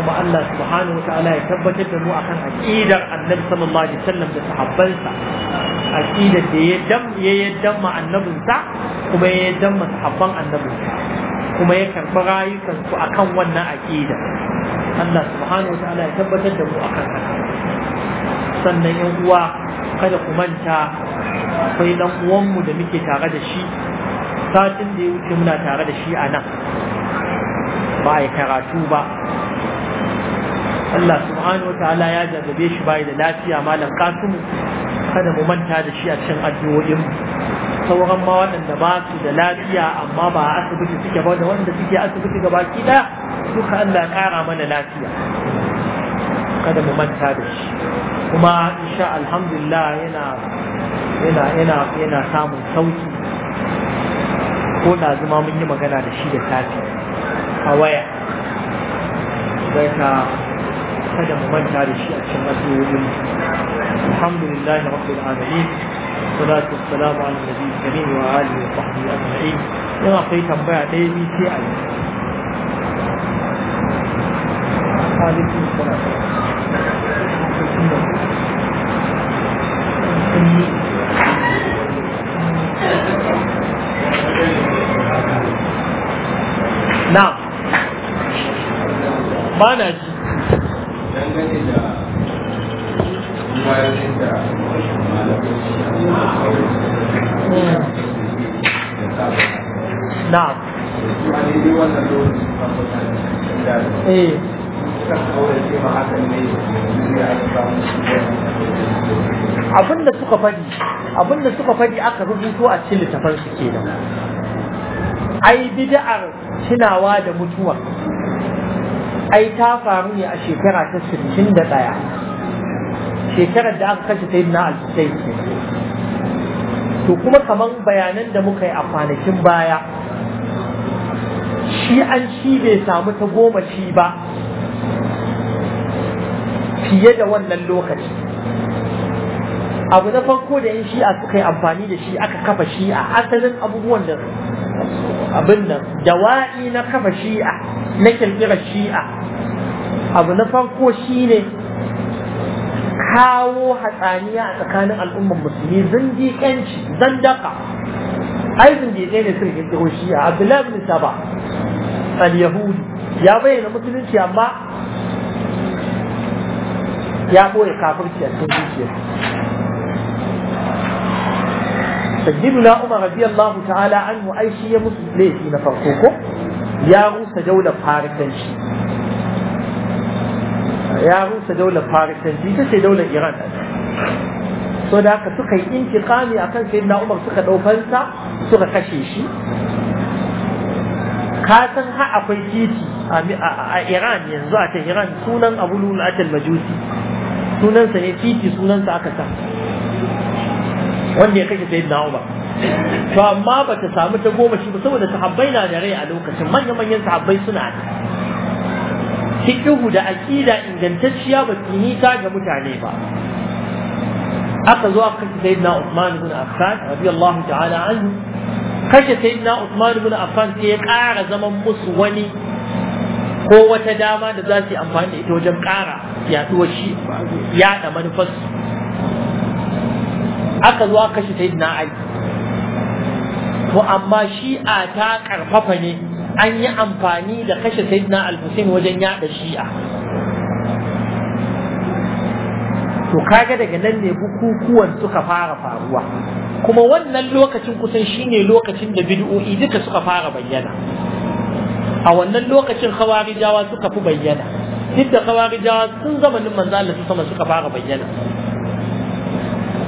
kuma Allah subhanahu wa ta'ala ya tabbatar da mu akan aqidar Annabi sallallahu alaihi wasallam da sahabbansa aqidar da ya dam ya yaddam ma annabinsa kuma ya yaddam ma sahabban annabinsa kuma ya karɓi rayukan su akan wannan aqida Allah subhanahu wa ta'ala ya tabbatar da mu akan haka sannan yan uwa kada ku manta akwai dan uwanmu da muke tare da shi satin da ya wuce muna tare da shi a nan ba ya karatu ba Allah subhanahu wa ta'ala ya jarrabe shi bai da lafiya malam mu kada mu manta da shi a cikin addu'o'in sauran ma waɗanda ba su da lafiya amma ba a asibiti suke ba da wanda suke asibiti gaba ki ɗaya duka Allah ƙara mana lafiya kada mu manta da shi kuma insha alhamdulillah yana yana yana yana samun sauki ko da zuma mun yi magana da shi da safe a waya sai kada mu manta da shi a cikin addu'o'in alhamdulillah rabbil alamin والصلاة والسلام wa النبي الكريم وآله وصحبه أجمعين. إذا أعطيتم بعد a شيء 啊！da suka faɗi aka rubuto a cikin littafin su nan. ai bid'ar tunawa da mutuwa ai ta faru ne a shekara ta 61 shekarar da aka kashe na al-husayn to kuma kaman bayanan da muka yi a kwanakin baya shi an shi bai samu ta goma shi ba fiye da wannan lokaci abu na farko da yan shi'a suka yi amfani da shi aka kafa shi'a asalin abubuwan da abin nan dawa'i na kafa shi'a na kirkirar shi'a abu na farko shi ne kawo hatsaniya a tsakanin al'ummar musulmi zindiƙanci zandaka ai zindiƙai ne sun kirkiro shi'a abdullahi bin saba al-yahudi ya bayyana musulunci amma ya ɓoye kafirci a cikin zuciyarsa na umar radiyallahu ta'ala anhu ai shi ya musu laifi na farko ko ya rusa farikan shi. ya rusa farikan shi, ita ce daular iran so da haka suka yi intiqami akan na umar suka ɗaukansa suka kashe shi ka san ha akwai titi a Iran yanzu a Iran sunan Abu Lulu Atal Majusi sunansa ne titi sunansa aka sa wanda ya kashe sayyidina Umar to amma bata samu ta goma shi ba saboda sahabbai na da rai a lokacin manya-manyan sahabbai suna da fiqhu da aqida ingantacciya ba su yi ta ga mutane ba aka zo aka kashe sayyidina Uthman ibn Affan radiyallahu ta'ala anhu kashe sayyidina Uthman ibn Affan sai ya ƙara zaman musu wani ko wata dama da za su yi amfani da ita wajen ƙara yaduwar shi yaɗa manufarsu aka zo aka kashe sayyidina ali to amma shi'a ta karfafa ne an yi amfani da kashe sayyidina al-husayn wajen yada shi'a to kage daga nan ne bukukuwan suka fara faruwa kuma wannan lokacin kusan shine lokacin da bid'o'i duka suka fara bayyana a wannan lokacin khawarijawa suka fi bayyana duk da khawarijawa sun zama zamanin manzo Allah sama suka fara bayyana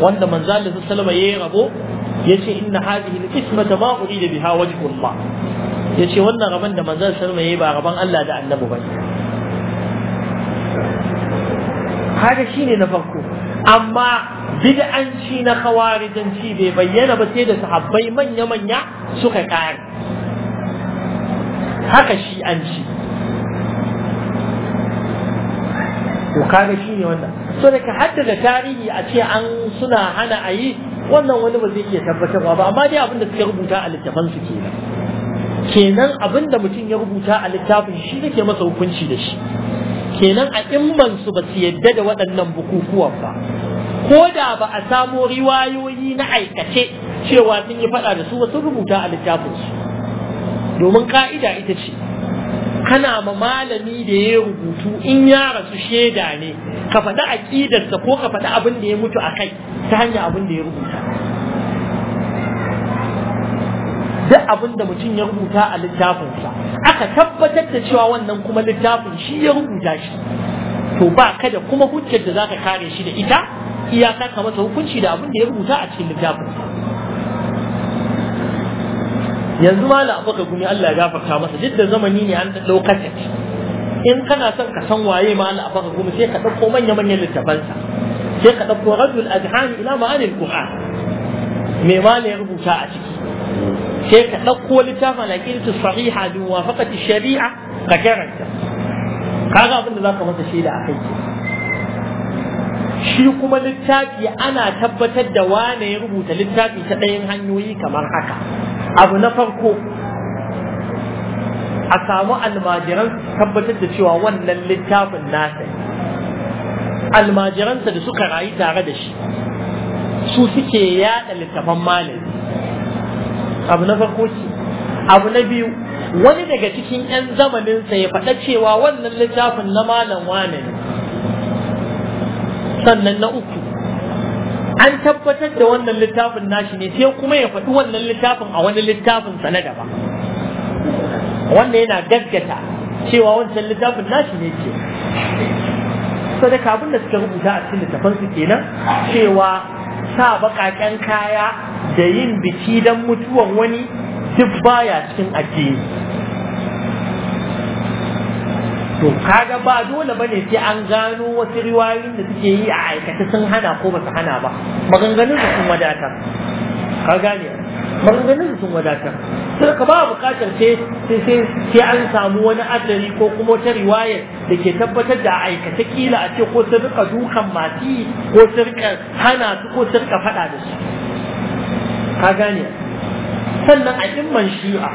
wanda manzo Allah sallallahu alaihi wasallam rabo yace inna hadhihi al-qismata ma urida biha wajhu Allah yace wannan rabon da manzo sallallahu alaihi wasallam ba rabon Allah da annabi bane haka shine na farko amma bid'anci na khawarijanci bai bayyana ba sai da sahabbai manya-manya suka kare haka shi an ci to kaga shi ne wannan so da ka haddada tarihi a ce an suna hana a yi wannan wani ba zai iya tabbatarwa ba amma dai abin da suka rubuta a littafan su kenan kenan abin da mutum ya rubuta a littafin shi nake masa hukunci da shi kenan a imman su ba su yadda da waɗannan bukukuwan ba ko da ba a samo riwayoyi na aikace cewa sun yi faɗa da su ba sun rubuta a littafin su domin ka'ida ita ce kana ma malami da ya rubutu in ya rasu shaida ne ka faɗi aƙidarsa ko ka faɗi abin da ya mutu a kai ta hanyar abin da ya rubuta duk abin da mutum ya rubuta a littafinsa aka tabbatar da cewa wannan kuma littafin shi ya rubuta shi to ba kada kuma hujjar da zaka kare shi da ita iyaka ka masa hukunci da abin da ya rubuta a cikin littafinsa yanzu ma abubakar gumi Allah ya gafarta masa duk da zamani ne an ɗau kaset in kana son ka san waye ma abubakar gumi sai ka ɗauko manya-manyan littafansa sai ka ɗauko rajul adhan ila ma'anil qur'an me ma ne rubuta a ciki sai ka ɗauko littafin alaqidatu sahiha bi muwafaqati shari'a ka karanta kaga abin da zaka masa shaida akai shi kuma littafi ana tabbatar da wane ya rubuta littafi ta ɗayan hanyoyi kamar haka abu na farko a samu almajiran tabbatar da cewa wannan littafin nasa almajiransa da suka rayu tare da shi su suke yada littafan malami abu na farko ce abu na biyu wani daga cikin 'yan zamaninsa ya faɗa cewa wannan littafin na malam wane ne sannan na uku an tabbatar da wannan littafin nashi ne sai kuma ya faɗi wannan littafin a wani littafin sa na daban wanda yana gaggata cewa wancan littafin nashi ne ke sadaka abin da suka rubuta a cikin littafin su kenan cewa sa baƙaƙen kaya da yin biki don mutuwan wani duk baya cikin addini to kaga ba dole bane sai an gano wasu riwayoyin da suke yi a aikata sun hana ko ba su hana ba maganganun da sun wadatar ka gane maganganun sun wadatar sai ka ba bukatar sai sai an samu wani adari ko kuma wata riwayar da ke tabbatar da aikata kila a ce ko sun rika dukan mati ko sun rika hana su ko sun rika faɗa da su ka gane sannan a imman shi'a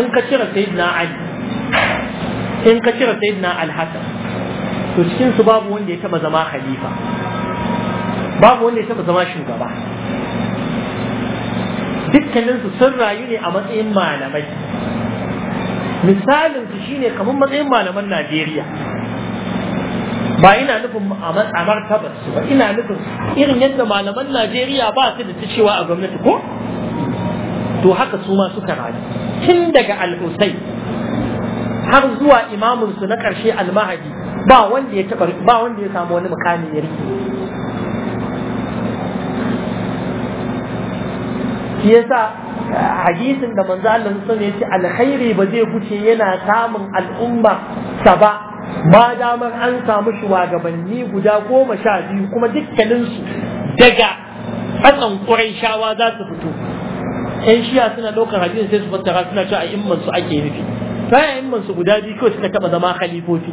in ka cire sayyidina ali in ka cire sayyidina al-hasan to cikinsu babu wanda ya taba zama khalifa babu wanda ya taba zama shugaba dukkanin sun rayu ne a matsayin malamai misalin su shine kamar matsayin malaman Najeriya ba ina nufin a matsamar su ba ina nufin irin yadda malaman Najeriya ba su da cewa a gwamnati ko to haka su ma suka rayu tun daga al'usai. har zuwa imamun na karshe almahadi ba wanda ya ba wanda ya samu wani mukami ya rike shi yasa hadisin da manzo Allah ya ci alkhairi ba zai kuce yana samun al'umma sa ba ba damar an samu shugabanni guda goma sha biyu kuma su. daga hatsan ƙurai shawa za su fito 'yan shiya suna ɗaukar hadisin sai su fassara suna cewa a imman su ake nufi sa'in su guda biyu kawai suka taɓa zama khalifofi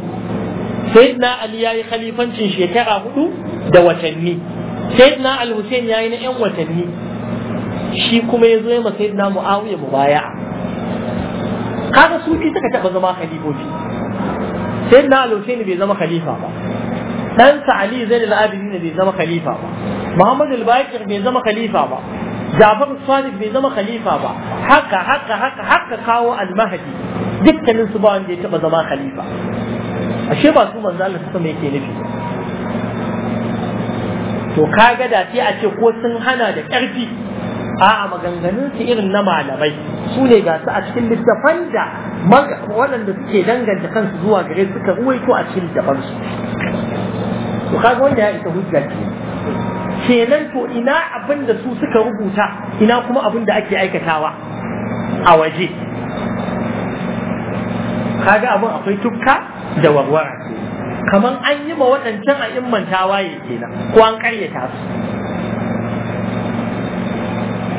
sayyidina ali ya yi khalifancin shekara hudu da watanni sayyidina al ya yi na yan watanni shi kuma ya yazo ya masa sayyidina muawiya mubaya'a kaga su ki suka taɓa zama khalifofi sayyidina al-husayn bai zama khalifa ba dan sa ali zain al-abidin bai zama khalifa ba muhammad al-baqir bai zama khalifa ba jafar sadiq bai zama khalifa ba haka haka haka haka kawo al-mahdi dukkanin su ba wanda ya taba zama khalifa ashe ba su manzo Allah sama yake nufi to kaga da sai a ce ko sun hana da ƙarfi a'a maganganun su irin na malamai su ne ga su a cikin littafan da waɗanda suke danganta kansu zuwa gare suka ruwaito a cikin littafan su to kaga wanda ya isa hujja ke kenan to ina abin da su suka rubuta ina kuma abin da ake aikatawa a waje kaga abin akwai tukka da warwara kamar an yi ma waɗancan a imman tawaye kenan ko an karyata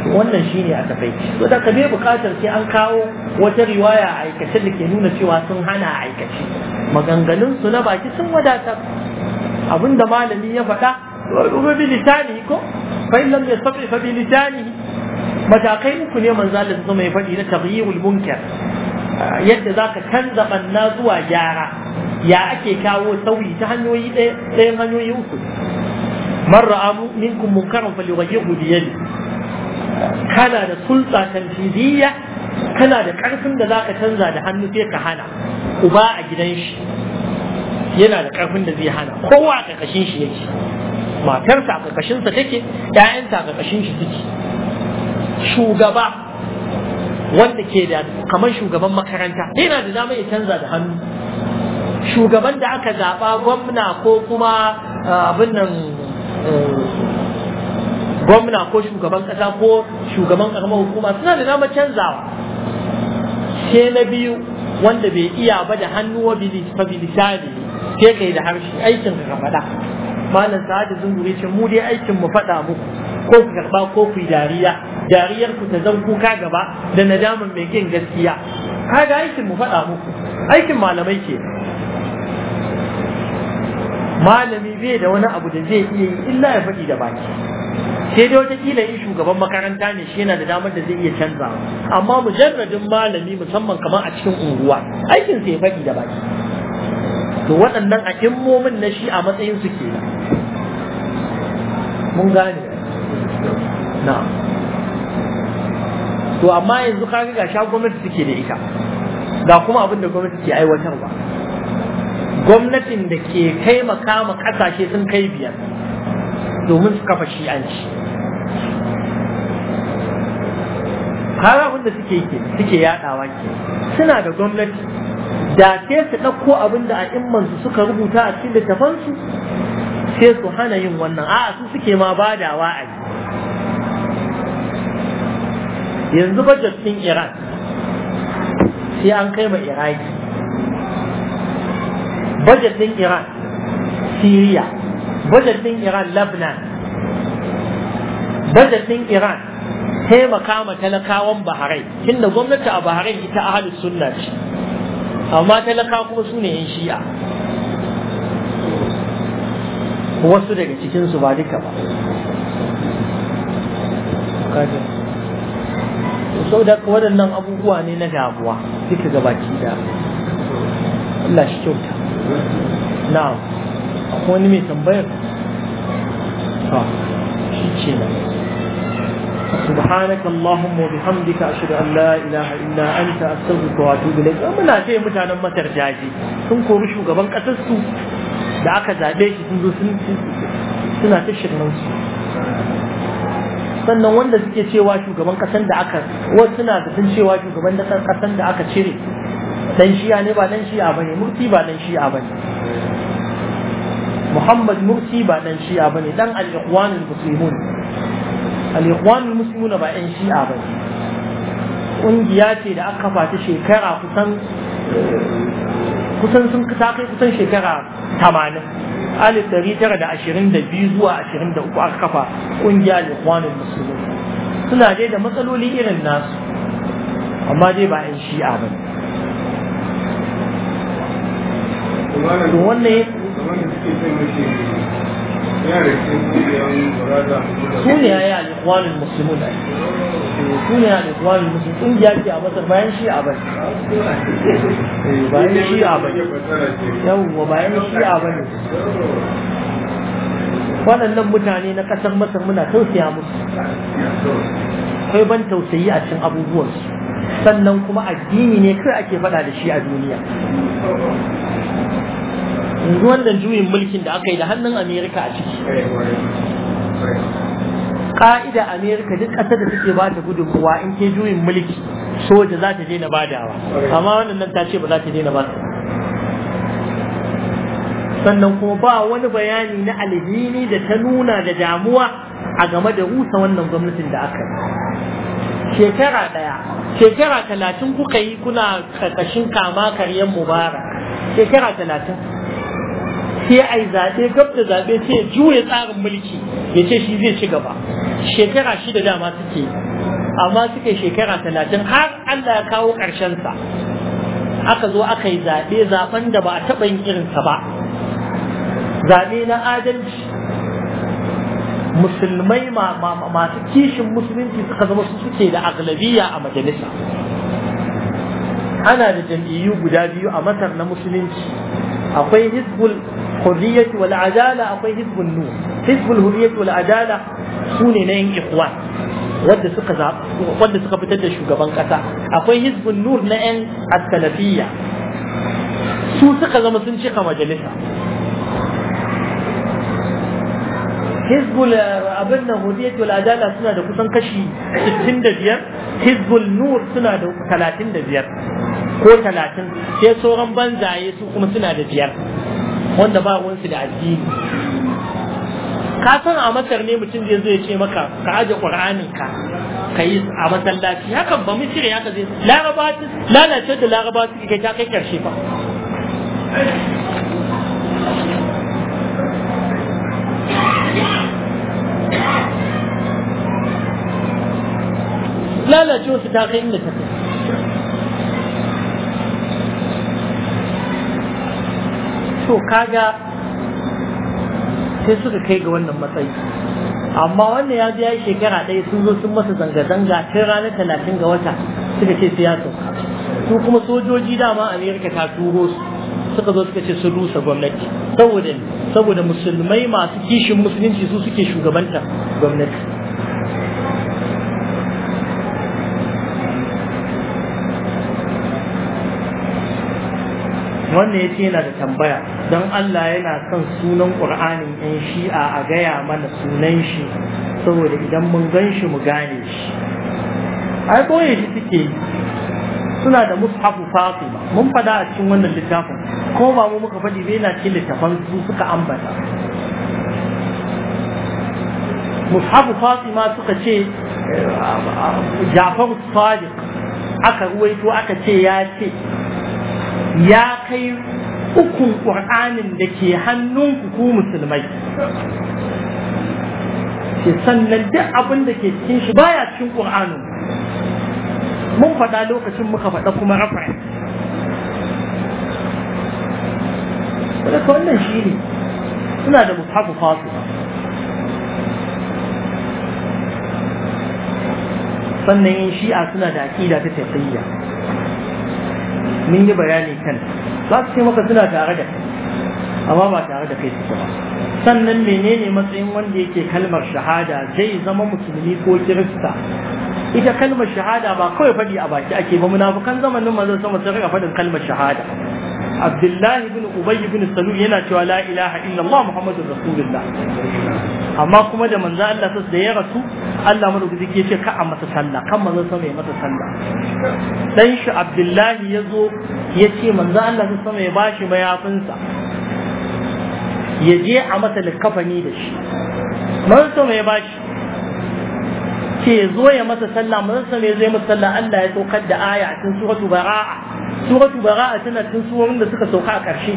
su wannan shine a takaici to da ka bukatar sai an kawo wata riwaya a aikace da ke nuna cewa sun hana a aikace maganganun su na baki sun wadatar abinda malami ya faɗa wa bi lisani ko fa illam yastati fa bi lisani matakai uku ne manzalin su mai faɗi na taghyirul munkar yadda za ka canza banna zuwa gyara ya ake kawo sauyi ta hanyoyi ɗayan hanyoyi uku man ra'a minkum munkaran falyughayyirhu bi yadi kana da sulta tanfidiyya kana da ƙarfin da za ka canza da hannu sai ka hana uba a gidan shi yana da ƙarfin da zai hana kowa a ƙarƙashin shi yake matarsa a karkashin sa take ƴaƴanta a ƙarƙashin shi suke. shugaba wanda ke da kamar shugaban makaranta yana da dama ya canza da hannu shugaban da aka zaɓa gwamna ko kuma uh, abin nan uh, gwamna ko shugaban kasa ko shugaban ƙaramar hukuma suna da dama canzawa sai na biyu wanda bai iya ba da hannu wa bilisani sai kai da harshe aikin ka faɗa malam sa'adu zunguri ce mu dai aikin mu faɗa muku ko ku karɓa ko ku yi dariya jariyar ku ta zan kuka gaba da nadaman mai kin gaskiya kaga aikin mu faɗa muku aikin malamai ke malami bai da wani abu da zai iya yi illa ya faɗi da baki sai dai wataƙila yin shugaban makaranta ne shi yana da damar da zai iya canza amma mujarradin malami musamman kamar a cikin unguwa aikin sai ya faɗi da baki to waɗannan a immomin na shi a matsayin su kenan mun gane na to amma yanzu ka ga sha gwamnati take da ita ga kuma abin da gwamnati ke aiwatarwa gwamnatin da ke kai makama kasashe sun kai biyar domin su kafa shi'anci har abin da suke ke suke yadawa ke suna da gwamnati da ke su ɗauko abin da a'immansu suka rubuta a cikin littafansu sai su hana yin wannan a'a su suke ma badawa a yi yanzu budget ɗin iran sai an kai ma iraki budget ɗin iran syria budget ɗin iran lebanon budget ɗin iran taimaka ma talakawan baharai tunda gwamnati a baharai ita ahalus sunna ce amma talaka kuma su ne 'yan shi'a wasu daga cikinsu ba duka ba sau da waɗannan abubuwa ne na damuwa duka baki da Allah shi kyauta na akwai wani mai tambayar ta shi ce na سبحانك اللهم وبحمدك أشهد أن لا إله إلا أنت أستغفرك وأتوب إليك muna ce mutanen matarjaji sun kori shugaban ƙasarsu da aka zaɓe shi sun zo suna ta shirin su sannan wanda suke cewa shugaban kasan da aka wasu suna zaton cewa shugaban kasan da aka cire dan shi'a ne ba dan shi'a bane murti ba dan shi'a bane muhammad murti ba dan shi'a bane dan al-ikhwanul muslimun al-ikhwanul muslimun ba yan shi'a bane kungiya ce da aka kafa shekara kusan kusan sun ta kai kusan shekara tamanin alif ɗari tara da ashirin da biyu zuwa ashirin da uku aka kafa ƙungiya alƙwanin musulmi suna dai da matsaloli irin nasu amma dai ba 'yan shi'a ba ne wannan su ne ya yi al'ikwanin musulmi ya yi ne al'ikwanin musulmi ƙungiya ce a masar bayan shi a bane eh, bayan shi a bane yawwa bayan shi a bane waɗannan mutane na ƙasar masar muna tausaya musu akwai ban tausayi a cikin abubuwansu sannan kuma addini ne kai ake faɗa da shi a duniya yanzu wannan juyin mulkin da aka yi da hannun amerika a ciki Ka'ida amerika duk ƙasar da suke ba ta gudunmuwa in ke juyin mulki soja za ta daina badawa amma wannan nan ta ce ba za ta daina ba sannan kuma ba wani bayani na alhini da ta nuna da damuwa a game da rusa wannan gwamnatin da aka yi shekara ɗaya shekara talatin kuka yi kuna ƙarƙashin kama karyan mubarak shekara talatin sai a yi zaɓe gab da zaɓe sai ya juya tsarin mulki ya ce shi zai ci gaba shekara da dama suke amma suke shekara talatin har Allah ya kawo sa. aka zo aka yi zaɓe zaɓen da ba a taɓa yin irinsa ba zaɓe na adalci musulmai masu kishin musulunci suka zama su suke da aglabiya a majalisa ana da jam'iyyu guda biyu a masar na musulunci akwai hizbul hurriyyati wal adala akwai hizbun nur hizbul hurriyyati wal adala sune na yin ikhwan wanda suka fitar da shugaban kasa akwai hizbun nur na yan as su suka zama sun cika majalisa hizbul eh, abin nan hudiyatu al suna da kusan kashi 65 hizbul nur suna da ko talatin sai sauran banzaye su kuma suna da biyar wanda ba wansu da addini ka san a masar ne mutum zai zo ya ce maka ka aje qur'anin ka ka yi a masallaci haka ba misiri haka zai laraba lalace da laraba su kai ta kai karshe ba. lalace wasu ta kai inda ta kai to kaga sai suka kai ga wannan matsayi amma wannan ya biya shekara ɗaya sun zo sun masa zanga-zanga tun ranar talatin ga wata suka ce su siyasa su kuma sojoji dama amerika ta turo su suka zo suka ce sun rusa gwamnati saboda saboda musulmai masu kishin musulunci su suke shugabanta gwamnati wannan ya ce yana da tambaya don Allah yana son sunan ƙur'anin 'yan shi'a a gaya mana sunan shi saboda idan mun gan shi mu gane shi ai koye shi suke suna da mushafu fatima mun fada a cikin wannan littafin ko ba mu muka faɗi bai na cikin littafan su suka ambata mushafu fatima suka ce eh, jafar sadiq aka ruwaito aka ce ya ce ya kai ukun ƙur'anin da ke hannun ku musulmai ke sannan duk abin da ke cikin shi baya cikin ƙur'anu. mun faɗa lokacin muka faɗa kuma rafa wannan shi ne suna da mushafu fasu sannan yin shi'a suna da aƙida ta tafiya. mun yi bayani kan za su ce maka suna tare da kai amma ba tare da kai suke ba sannan menene matsayin wanda yake kalmar shahada zai zama musulmi ko kirista ita kalmar shahada ba kawai faɗi a baki ake ba munafukan zamanin manzon sama sai rika faɗin kalmar shahada abdullahi bin ubay bin salul yana cewa la ilaha illallah muhammadur rasulullah amma kuma da manzo Allah sai da ya rasu Allah madaukaki yake ka a masa sallah kan manzo sama ya masa sallah dan shi abdullahi yazo yace manzo Allah sai sama ya bashi mayafinsa ya je a masa likafani da shi manzo sama ya bashi Ke zo ya masa sallah manzo sama ya zo ya masa sallah Allah ya saukar da aya cikin suratu bara'a suratu bara'a tana cikin surorin da suka sauka a ƙarshe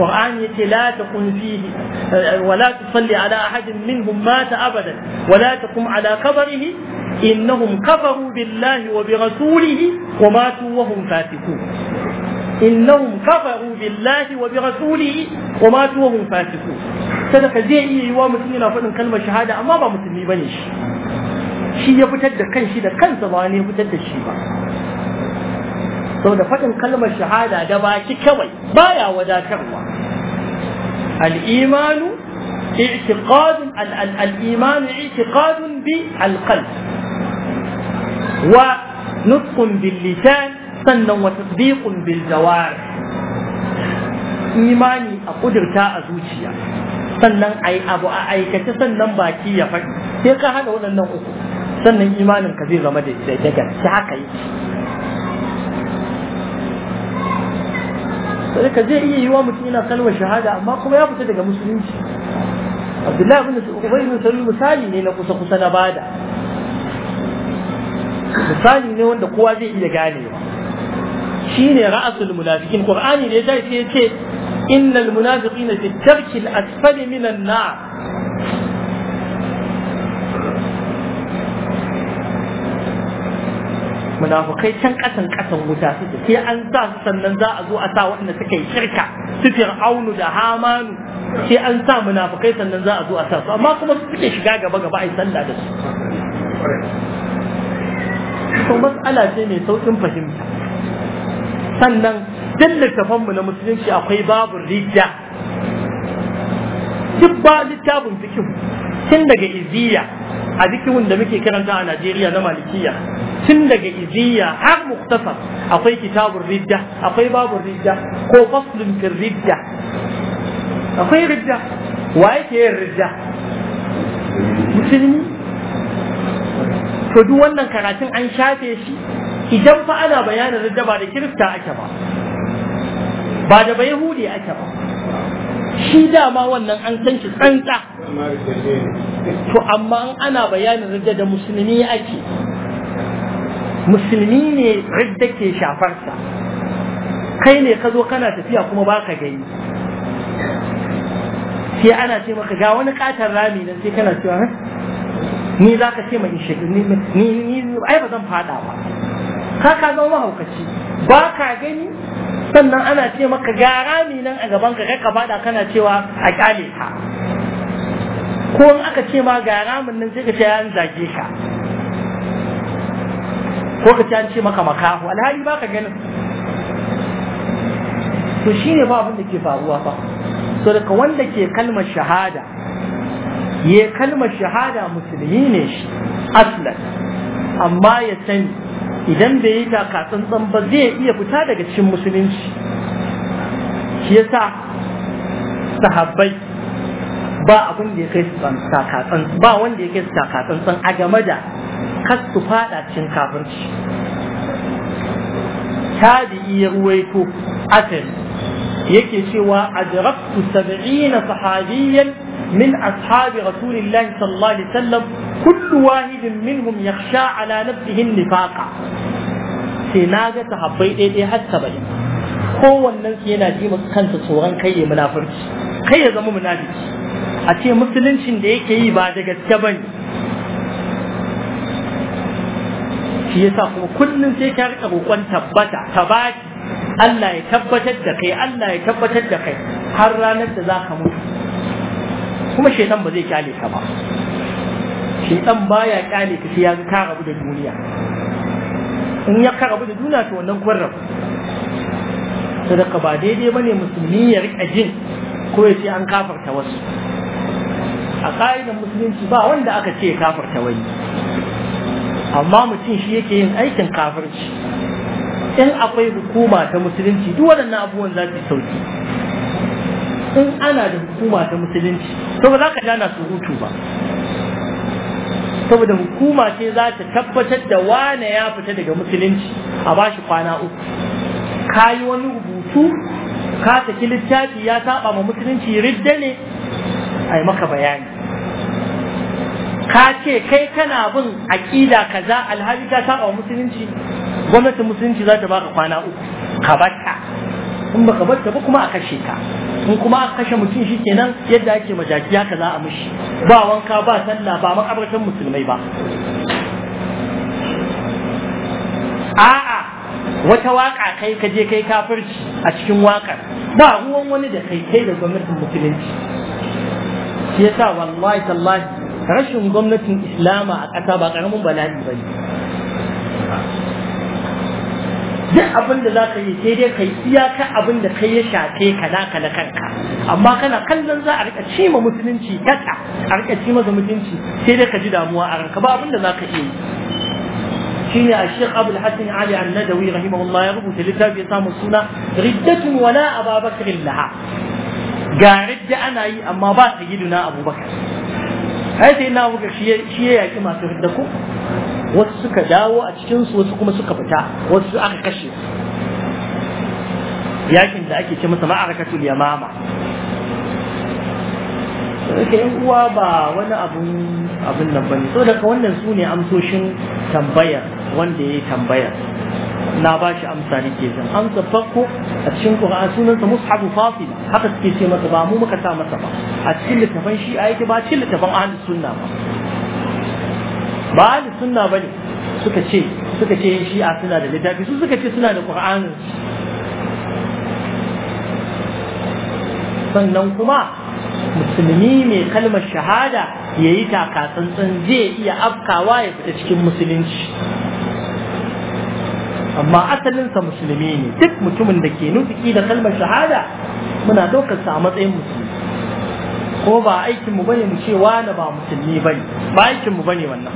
ya yace la kun fihi wa la salli ala ahadin minhum mata abadan wa la taqum ala qabrihi innahum kafaru billahi wa bi rasulihi wa matu wa hum fasiqun innahum kafaru billahi wa bi rasulihi wa matu wa hum fasiqun sadaka zai iya yiwa mutum yana faɗin kalmar shahada amma ba musulmi bane shi shi ya fitar da kanshi da kansa ba ne ya fitar da shi ba sau da faɗin kalmar shahada da baki kawai baya wadatarwa al'imanu i'tiqadun al'imanu i'tiqadun bi alqalb wa nutqun bil lisan sannan wa tasdiqun bil jawarih imani a kudurta a zuciya sannan ai abu a aikace sannan baki ya faɗi sai ka hada waɗannan uku sannan imanin ka zai zama da gaske haka yake sadaka zai iya yi wa mutum yana kalmar shahada amma kuma ya fita daga musulunci abdullahi bin ubay bin salul misali ne na kusa kusa na bada misali ne wanda kowa zai iya ganewa shine ra'asul munafiqin qur'ani ne dai sai ya ce innal munafiqina fi tarkil asfali minan nar munafukai can kasan kasan wuta sai an sa su sannan za a zo a sa waɗanda suka yi shirka su fir'aunu da hamanu sai an sa munafukai sannan za a zo a sa su amma kuma suke shiga gaba gaba a yi sallah da su to mas'ala ce mai saukin fahimta sannan duk mu na musulunci akwai babu rijiya. duk ba littafin fikin tun daga iziya a zikirin da muke karanta a Najeriya na malikiya tun daga iziya har muktasar akwai kitabun ridda akwai babun ridda ko faslun ridda akwai ridda wa yake yin ridda musulmi to duk wannan karatun an shafe shi idan fa ana bayanin ridda ba da kirista ake ba ba da bayahudi ake ba shi dama wannan an san shi tsantsa to amma ana bayanin ridda da musulmi ake musulmi ne ridda ke shafarsa kai ne ka zo kana tafiya kuma ba ka gani sai ana ce maka ga wani katar rami nan sai kana cewa ni za ka ce mai shi ni ai ba zan fada ba ka ka zama mahaukaci ba ka gani sannan ana ce maka gara ne nan a gaban ka ka bada kana cewa a kyale ka ko in aka ce ma gara mun nan sai ka ce an zage ka ko ka ce an ce maka makaho alhali ba ka ganin to shine ba abin da ke faruwa ba so daga wanda ke kalmar shahada ya kalmar shahada musulmi ne shi aslan amma ya sani idan bai yi taka tsantsan ba zai iya fita daga cikin musulunci shi sa sahabbai ba abin da ya kai su taka tsantsan ba wanda ya kai su taka tsantsan a game da kasu su fada cikin kafirci tabi'i iya ruwaito asali yake cewa a ajrabtu sab'ina sahabiyan من أصحاب رسول الله صلى الله عليه وسلم كل واحد منهم يخشى على نفسه النفاق سيناغة تحبيت إيه حتى بجي هو الناس ينادي مسكنت صورا كي منافرش كي يزمو منافرش أتي مسلمشن دي كي بعد جتبن shi yasa kuma kullum sai ka rika roƙon tabbata tabati Allah ya tabbatar da kai Allah ya tabbatar da kai har ranar da zaka mutu kuma shaitan ba zai kyale ka ba shaitan baya kyale ka sai ya ka rabu da duniya in ya ka rabu da duniya to wannan kun sadaka ba daidai bane musulmi ya rika jin ko ya ce an kafarta wasu a ƙa'idar musulunci ba wanda aka ce kafarta wani amma mutum shi yake yin aikin kafirci in akwai hukuma ta musulunci duk waɗannan abubuwan za su sauki in ana da hukuma ta musulunci to ba za ka jana surutu ba saboda hukuma ce za ta tabbatar da wane ya fita daga musulunci a ba shi kwana uku ka yi wani rubutu ka saki littafi ya saba ma musulunci ridda ne a yi maka bayani ka ce kai kana bin aƙida kaza alhaji ta saba wa musulunci gwamnatin musulunci za ta baka kwana uku ka batta in baka batta ba kuma a kashe ka in kuma aka kashe mutum shi kenan yadda ake majakiya haka za a mishi ba wanka ba sallah ba makabartan musulmai ba a'a wata waka kai ka je kai kafirci a cikin wakar ba ruwan wani da kai kai da gwamnatin musulunci shi yasa wallahi tallahi rashin gwamnatin islama a ƙasa ba ƙaramin bala'i ba ne duk abin da za ka yi sai dai ka yi iyaka abin da kai ya shafe ka naka na kanka amma kana kallon za a rika ci ma musulunci kaka a rika ci masa mutunci sai dai ka ji damuwa a ranka ba abin da za ka iya shine a shek abul hassan ali annadawi rahimahullah ya rubuta littafi ya samu suna riddatun wala ababakar laha ga ridda ana yi amma ba sayyiduna abubakar ai sai na buga shi ya yaƙi masu hiddaku wasu suka dawo a cikinsu wasu kuma suka fita wasu aka kashe yakin da ake ce masa ma'arakatul yamama da yan uwa ba wani abun abun nan bane saboda daga wannan su amsoshin tambayar wanda ya yi tambayar na ba shi amsa ne ke zan amsa farko a cikin qur'an sunansa mushafu fasila haka suke ce masa ba mu muka sa masa ba a cikin littafan shi a yake ba cikin littafan ahli sunna ba ba ahli sunna ne suka ce suka ce shi a suna da littafi su suka ce suna da qur'anin sannan kuma musulmi mai kalmar shahada ya yi takasantsan zai iya afkawa ya fita cikin musulunci amma asalinsa musulmi ne duk mutumin da ke nufi da kalmar shahada muna ɗaukar sa a matsayin musulmi ko ba aikin mu bane mu ce wani ba musulmi bane ba aikin mu bane wannan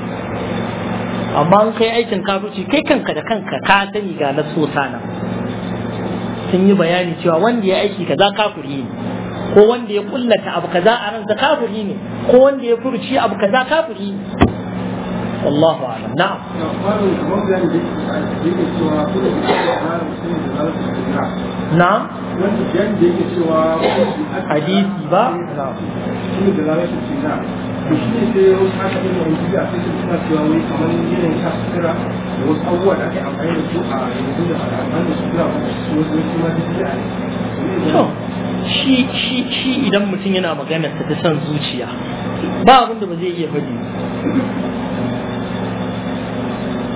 amma an kai aikin kafirci kai kanka da kanka ka sani ga nasosa nan sun yi bayani cewa wanda ya aiki kaza kafiri ne ko wanda ya kullata abu kaza a ransa kafiri ne ko wanda ya furuci abu kaza kafiri ne والله اعلم نعم نعم حديث با shi idan mutum yana magana ta ta san zuciya ba abin da ba zai iya faɗi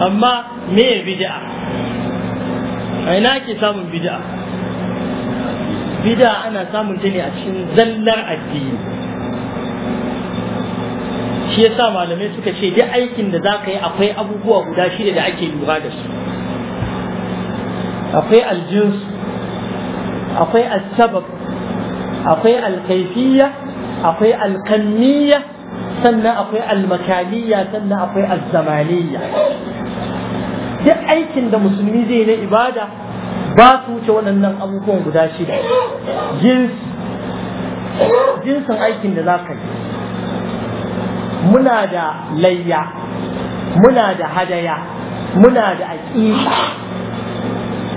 amma me bid'a a ina ke samun bid'a bid'a ana samun ta ne a cikin zallar addini shi yasa malamai suka ce duk aikin da za ka yi akwai abubuwa guda shida da ake lura da su akwai aljinsu akwai asabab akwai alkaifiyya akwai alkamiyya sannan akwai almakaniya sannan akwai alzamaniya duk aikin da musulmi zai na ibada ba su wuce waɗannan abubuwan guda shida jinsin aikin da za ka yi muna da layya muna da hadaya muna da aƙiƙa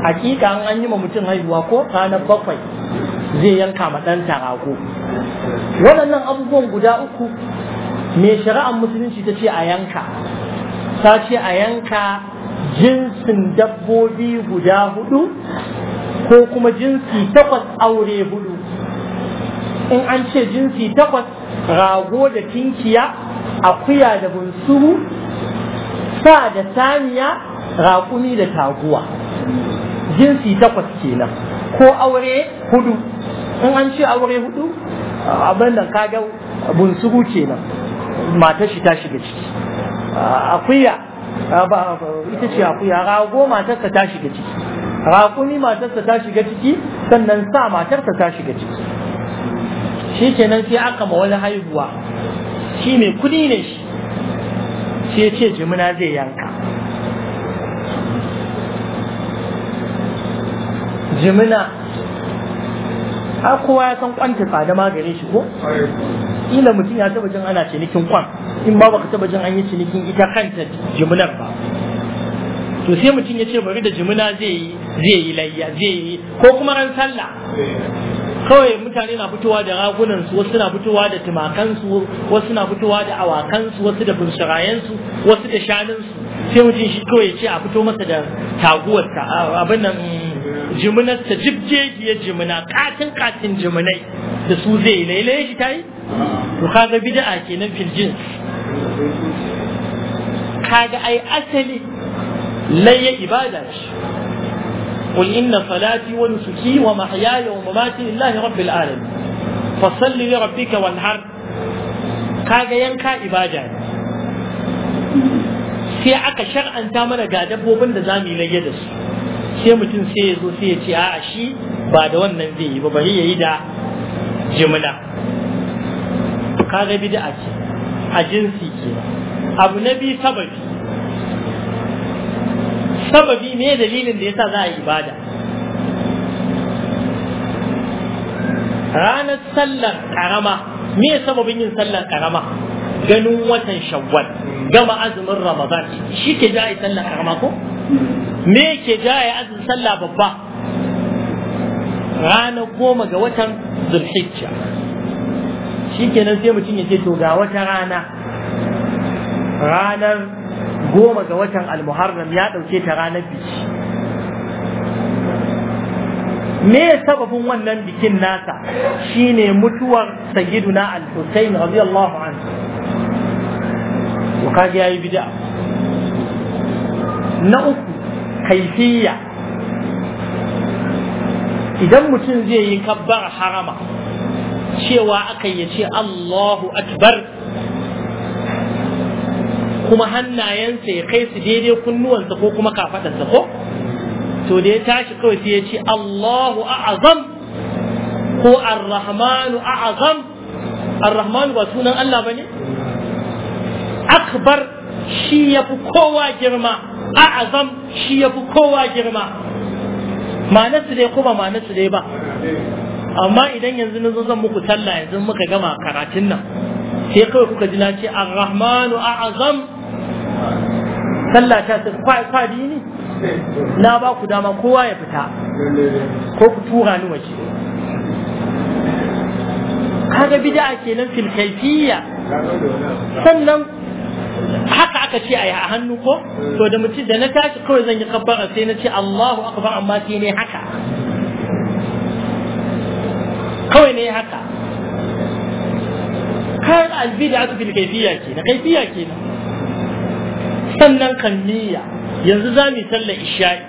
aƙiƙa an yi ma mutum haihuwa ko ranar bakwai zai yanka ma ɗan rago waɗannan abubuwan guda uku mai shari'ar musulunci ta ce a yanka ta ce a yanka jinsin dabbobi guda hudu ko kuma jinsi takwas aure hudu in an ce jinsi takwas rago da tinkiya akuya da bunsuru sa da saniya raƙumi da taguwa jinsi takwas kenan ko aure hudu in an ce aure hudu abin da kaga bunsuru kenan mata shi ta shiga ciki akuya ita ce akuya rago matarsa ta shiga ciki raƙumi matarsa ta shiga ciki sannan sa matarsa ta shiga ciki shi kenan sai aka ma wani haihuwa shi mai kudi ne shi sai ce jimina zai yanka jimina har ya san kwanta tsada maganin shi ko ila mutum ya taba jin ana cinikin kwan in ba baka taba jin an yi cinikin ita kanta jimunar ba to sai mutum ya ce bari da jimina zai yi zai yi layya zai yi ko kuma ran sallah kawai mutane na fitowa da ragunansu wasu na fitowa da tumakansu wasu na fitowa da awakansu wasu da bunshirayensu wasu da shanunsu sai mutum shi kawai ya ce a fito masa da taguwarsa abin nan jiminarsa jibjejiyar jimina katin katin jiminai da su zai lailaye shi ta yi to kaga bid'a kenan fil kaga ai asali laye ibada ce قل إن صلاتي ونسكي ومحياي ومماتي لله رب العالمين فصل لربك وانحر kaga yanka ibada ne sai aka shar'anta mana ga dabbobin da za mu yi da su sai mutum sai ya zo sai ya ce a'a shi ba da wannan zai yi ba bari ya yi da jimla kaga bid'a ce a jinsi ke abu na bi sababi sababi ne dalilin da yasa za a yi ibada ranar sallar karama me sababin yin sallar karama ganin watan shawwal gama azumin ramadan shi ke za yi sallar karama ko me ke ya azumin sallah babba ranar goma ga watan zulhijja shikenan sai mutum ya ce to ga wata rana ranar goma ga watan almuharram ya ɗauke ta ranar biki me sababin wannan bikin nasa shine mutuwar sayyiduna al-husayn radiyallahu anhu وقال يا بدعه na uku kaifiyya idan mutum zai yi kabbar harama cewa aka yi ce Allahu akbar kuma hannayensa ya kai su daidai kunnuwansa ko kuma kafaɗarsa ko to da ya tashi kawai sai ya ce Allahu a'azam ko ar a'azam ar ba sunan Allah bane akbar shi yafi kowa girma a'azam shi ya fi kowa girma ma'anarsu dai kuma ma'anarsu dai ba amma idan yanzu na zo zan muku talla yanzu muka gama karatun nan sai kawai kuka ji na ce rahmanu a'azam talla ta kwadi ne na ba ku dama kowa ya fita ko ku tura ni waje kaga bid'a kenan fil sannan haka aka ce a a hannu ko to da mutum da na tashi kawai zan yi kabbara sai na ce Allahu akbar amma sai ne haka kawai ne haka Kar kan albidatu bil kayfiyya ke na kayfiyya ke na sannan kan niyya yanzu za mu sallar isha'i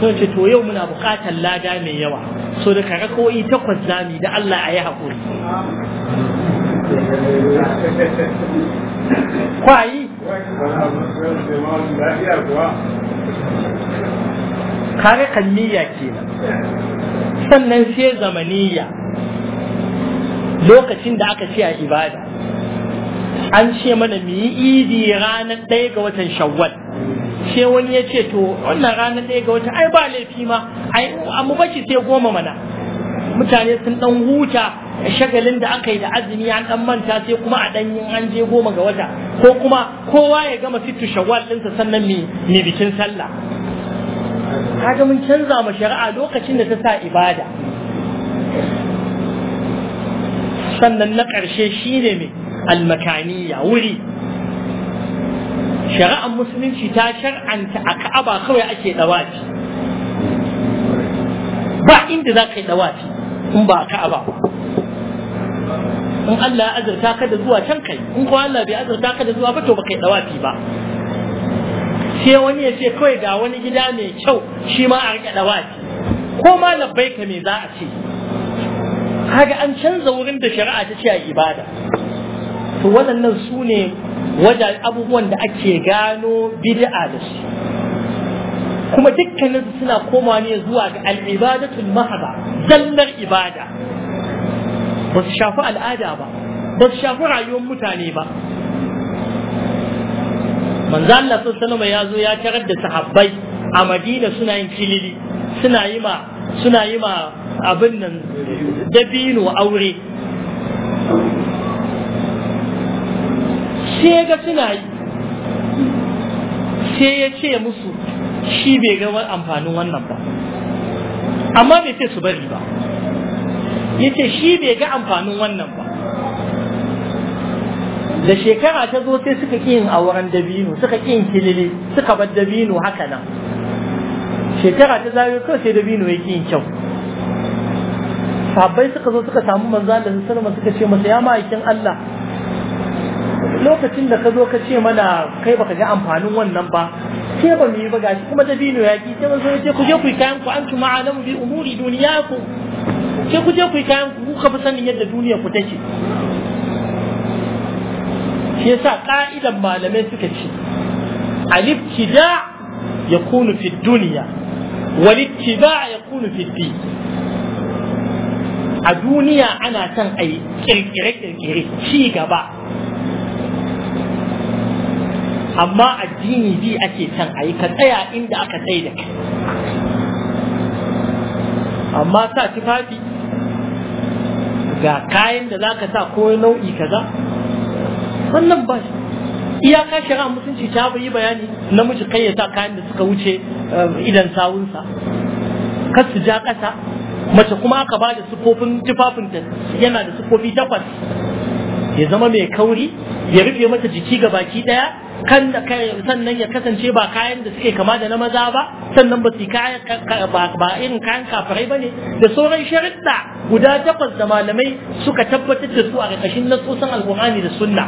so ce to yau muna buƙatar lada mai yawa so da kare kawai takwas za mu da Allah a yi haƙuri kwayi kare kalmiya kenan sannan sai zamaniya lokacin da aka ce a ibada an ce mana mu yi idi ranar ɗaya ga watan shawwal sai wani ya ce to wannan ranar ɗaya ga watan ai ba laifi ma ai amma bace sai goma mana mutane sun dan huta shagalin da aka yi da azumi an dan manta sai kuma a dan yin an je goma ga wata ko kuma kowa ya gama fitu shawwal ɗinsa sannan mai bikin sallah kaga mun canza ma shari'a lokacin da ta sa ibada sannan na ƙarshe shine mai almakaniya wuri shari'ar musulunci ta shar'anta a ka'aba kawai ake dawaci ba inda za ka yi dawaci in ba ka ba in Allah ya azurta ka da zuwa can kai in kuma Allah bai azurta ka da zuwa ba to ba kai dawafi ba sai wani ya ce kawai ga wani gida mai kyau shi ma a rike dawafi ko ma labbai ka me za a ce kaga an canza wurin da shari'a ta ce a ibada to waɗannan su ne wajen abubuwan da ake gano bid'a da su. kuma dukkanin suna komawa ne zuwa ga al'ibadatul mahaba zallar ibada ba su shafi al'ada ba ba su shafi rayuwar mutane ba manzo Allah sallallahu ya zo ya tarar da sahabbai a Madina suna yin kilili suna yi ma suna yi ma abin nan dabino aure sai ga suna yi sai ya ce musu shi bai ga amfanin wannan ba amma bai ce su bari ba yace shi bai ga amfanin wannan ba da shekara ta zo sai suka yin auren dabino suka yin kilili suka bar dabino haka nan shekara ta zai kawai sai dabino ya yin kyau sabbai suka zo suka samu manzo Allah sallallahu alaihi suka ce masa ya ma'aikin Allah lokacin da ka zo ka ce mana kai baka ga amfanin wannan ba ke ba mu yi ba gashi kuma dabino ya ki sai zo ce ku je ku yi kayan ku an tuma alamu bi umuri duniyaku ke ku je ku yi kayan ku ka fi sanin yadda duniya ku take shi yasa ka'idan malamai suka ce al ya yakunu fi dunya wal ya kunu fi bi. a duniya ana son a yi kirkire-kirkire ci gaba amma addini bi ake can a yi ka tsaya inda aka tsaye da kai amma sa tufafi ga kayan da za ka sa ko nau'i kaza wannan ba shi iyaka shari'a mutunci ta yi bayani namiji kai ya sa kayan da suka wuce eh, idan sawunsa kar su ja ƙasa mace kuma aka ba da tufafin tufafinta yana da sufofi takwas ya zama mai kauri ya rufe mata jiki ga baki ɗaya kan da sannan ya kasance ba kayan da suke kama da na maza ba sannan ba su ba irin kayan kafirai ne. da sauran sharuɗa guda takwas da malamai suka tabbatar da su a ƙarƙashin nasosan alkur'ani da sunna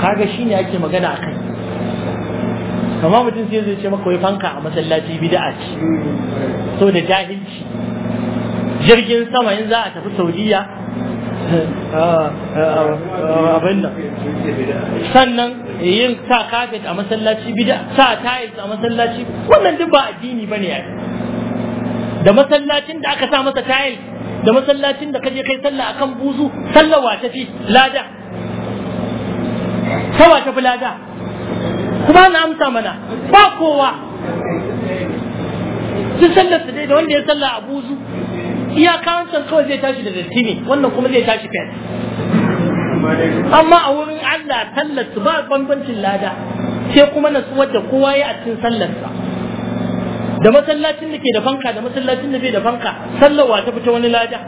kaga ne ake magana kai. kama mutum sai zai ce maka wai fanka a masallaci bid'a ce so da jahilci jirgin sama in za a tafi saudiya sannan yin sa kafet a masallaci bid'a sa tiles a masallaci wannan duk ba addini bane ai da masallacin da aka sa masa tayil, da masallacin da kaje kai sallah akan buzu sallawa ta fi lada sawa ta fi lada kuma na amsa mana ba kowa duk sallar su dai da wanda ya sallah a buzu iya kawancan kawai zai tashi da datti ne wannan kuma zai tashi fes amma a wurin Allah sallar ba bambancin lada sai kuma natsuwar da kowa ya a cikin sallarsa da masallacin da ke da fanka da masallacin da bai da fanka sallarwa ta fita wani lada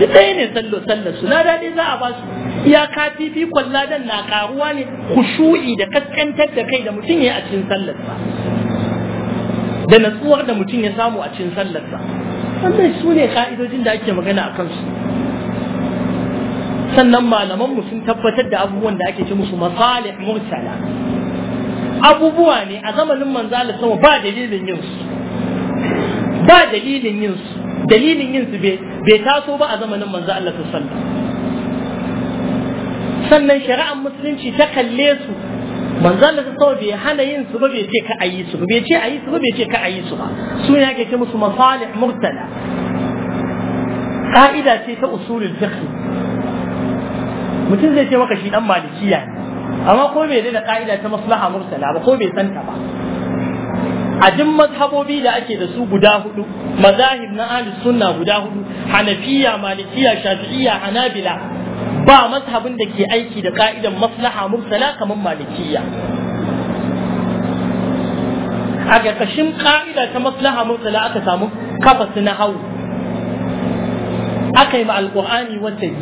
duk ɗaya ne sallarsu sallar su lada dai za a ba su iyaka fifikon ladan na karuwa ne kushu'i da kaskantar da kai da mutum ya a cikin sallarsa da natsuwar da mutum ya samu a cikin sallarsa wannan su ne ka'idojin da ake magana a kansu sannan malamanmu sun tabbatar da abubuwan da ake ce musu masalih mursala abubuwa ne a zamanin manzala sama ba dalilin yin su ba dalilin yin su dalilin yin su bai taso ba a zamanin manzo Allah sallallahu sannan shari'ar musulunci ta kalle su manzo Allah sallallahu bai hana yin su ba bai ce ka ayi su ba bai ce ayi su ba bai ce ka ayi su ba su ne ake ce musu masalih murtala ka'ida ce ta usulul fiqh mutum zai ce maka shi dan malikiya ne amma ko bai da ka'ida ta maslaha mursala ba ko bai san ta ba a duk mazhabobi da ake da su guda hudu mazahib na ahlus sunna guda hudu hanafiya malikiya shafi'iyya hanabila ba mazhabin da ke aiki da ka'idan maslaha mursala kamar malikiya a ƙarƙashin ka'ida ta maslaha mursala aka samu kafa na hau aka yi ma alƙur'ani wata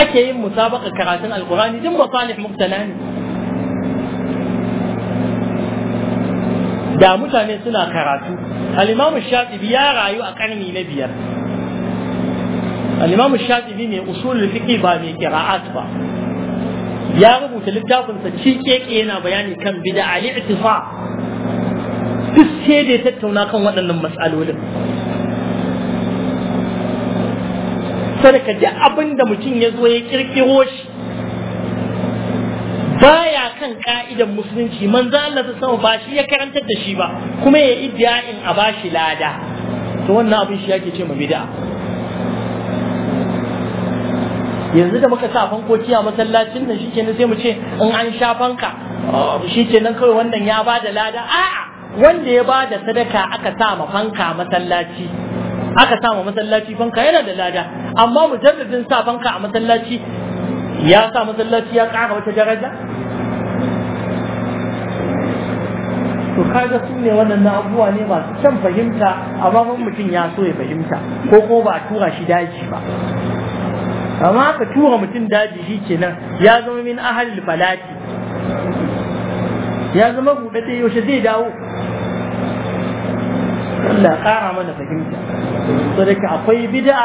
ake yin musabaka karatun alkurani duk masalih mubtala ne da mutane suna karatu al-imam ya rayu a karni na biyar al-imam shatibi mai usulul ba mai kira'at ba ya rubuta littafin sa ci yana bayani kan bid'a al-i'tifa duk sai da tattauna kan waɗannan matsalolin. sadaka duk abin da mutum ya zo ya kirkiro shi baya kan ka'idan musulunci manzo Allah ta sama ba shi ya karantar da shi ba kuma ya idda'in a bashi lada to wannan abin shi yake ce ma bid'a yanzu da muka sa fankoki a masallacin nan kenan sai mu ce in an sha fanka kenan kawai wannan ya ba da lada a'a wanda ya ba da sadaka aka sa ma fanka masallaci aka sa ma masallaci fanka yana da lada amma mujarradin sa fanka a masallaci ya sa masallaci ya ƙara wata daraja to kaga su ne wannan na abuwa ne masu can fahimta amma mun mutum ya so ya fahimta ko ko ba a tura shi daji ba amma ka tura mutum daji shi kenan ya zama min ahalil falati ya zama buɗaɗɗe yaushe zai dawo Allah ƙara mana fahimta ka akwai bid'a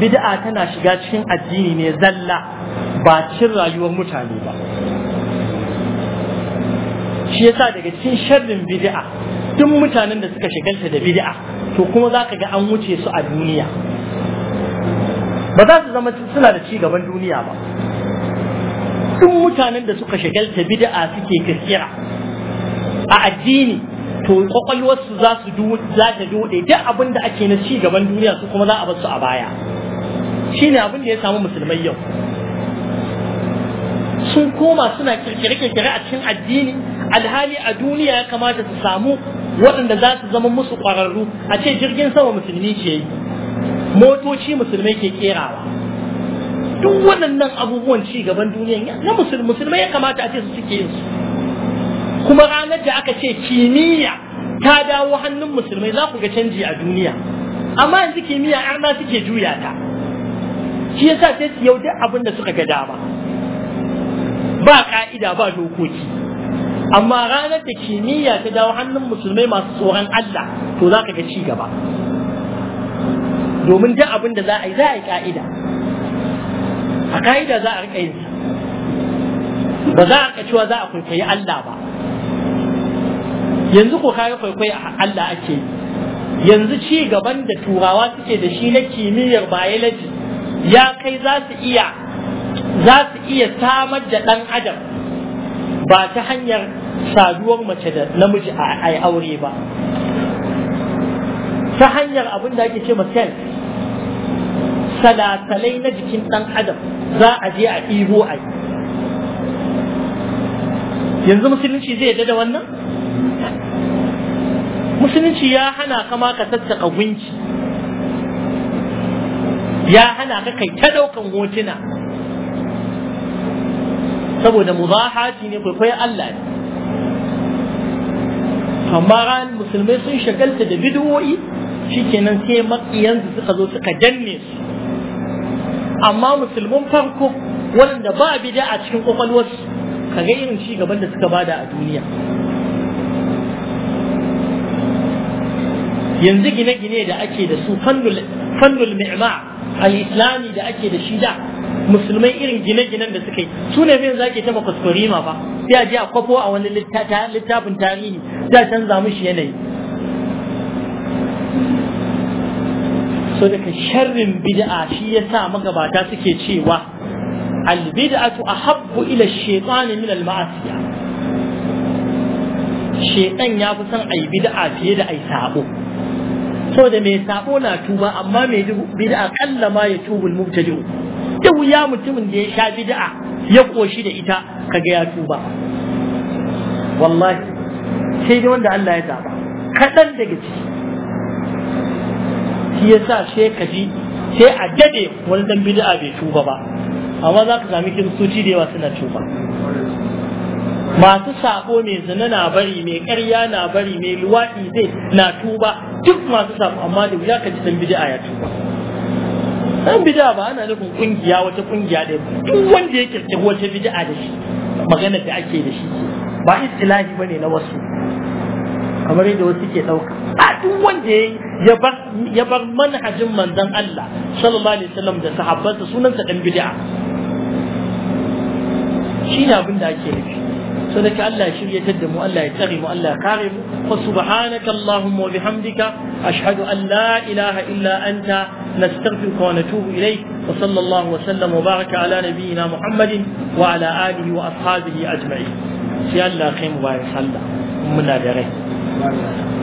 bid'a tana shiga cikin addini ne zalla ba cin rayuwar mutane ba shi yasa daga cikin sharrin bid'a duk mutanen da suka shigalta da bid'a to kuma za ka ga an wuce su a duniya ba za su zama suna da ci gaban duniya ba duk mutanen da suka shigalta bid'a suke kirkira a addini to kwakwalwarsu za su za ta dai, duk abin da ake na ci gaban duniya su kuma za a bar su a baya shine abin da ya samu musulmai yau sun koma suna kirkire-kirkire a cikin addini alhali a duniya ya kamata su samu waɗanda za su zama musu ƙwararru a ce jirgin sama musulmi ke yi motoci musulmai ke kerawa duk waɗannan abubuwan ci gaban duniya na musulmai ya kamata a ce su suke yin su kuma ranar da aka ce kimiyya ta dawo hannun musulmai za ku ga canji a duniya amma yanzu kimiyya ma suke juya ta shi yasa sai su duk abin da suka ga dama ba ka'ida ba dokoki amma ranar da kimiyya ta dawo hannun musulmai masu tsoron Allah to za ka ga ci gaba domin duk abin da za a yi za a yi ka'ida a ka'ida za a riƙa yin ba za a cewa za a kwaikwayi Allah ba yanzu ko kayan kwaikwayi Allah ake yanzu ci gaban da turawa suke da shi na kimiyyar biology ya kai za su iya za su iya samar da ɗan adam ba ta hanyar saduwar mace da namiji a aure ba ta hanyar abin da ake ce ma cell salasalai na jikin ɗan adam za a je a ɗibo a yi yanzu musulunci zai yarda da wannan musulunci ya hana kama ka sassaka gunki ya hana ka kai ta ɗaukan hotuna saboda mubahati ne kwaikwayon Allah ne amma ran musulmai sun shagalta da bidiyoyi shikenan sai makiyansu suka zo suka danne su amma musulmin farko waɗanda ba bida a cikin kwakwalwarsu ka ga irin ci gaban da suka bada a duniya yanzu gine-gine da ake da su fannul mi'ma al-islami da ake da shi da musulmai irin gine-ginen da suka yi su ne yanzu ake taba ma ba sai a je a kwafo a wani littafin tarihi da canza mushi yanayi so daga sharrin bid'a shi yasa magabata suke cewa albid'atu ahabbu ila shaytani min al-ma'asiya shaytan ya fi son ai bid'a fiye da ai sabo so da mai sabo na tuba amma mai bid'a kalla ma ya tubu al-mubtadi wuya mutumin da ya sha bid'a ya koshi da ita kaga ya tuba wallahi sai dai wanda Allah ya zaba kadan daga ciki shi yasa sai ka sai a dade wani dan bid'a bai tuba ba amma za ka sami kiristoci da yawa suna tuba masu sabo mai zina na bari mai karya na bari mai luwaɗi zai na tuba duk masu sako. amma da wuya ka ji dan bid'a ya tuba dan bid'a ba ana nufin kungiya wata kungiya da duk wanda ya kirkiri wata bid'a da shi magana da ake da shi ba istilahi ne na wasu kamar yadda wasu ke ɗauka a duk wanda ya bar ya bar manhajin manzon Allah sallallahu alaihi wasallam da sahabbansa sunansa dan bid'a shine abin da ake nufi so da Allah ya shiryatar da mu Allah ya tsare mu Allah ya kare mu wa subhanaka allahumma wa bihamdika ashhadu an la ilaha illa anta nastaghfiruka wa natubu ilayk wa sallallahu wa sallam wa baraka ala nabiyyina muhammadin wa ala alihi wa ashabihi ajma'in sai Allah kai mu bayan sallah muna da rai Аллах.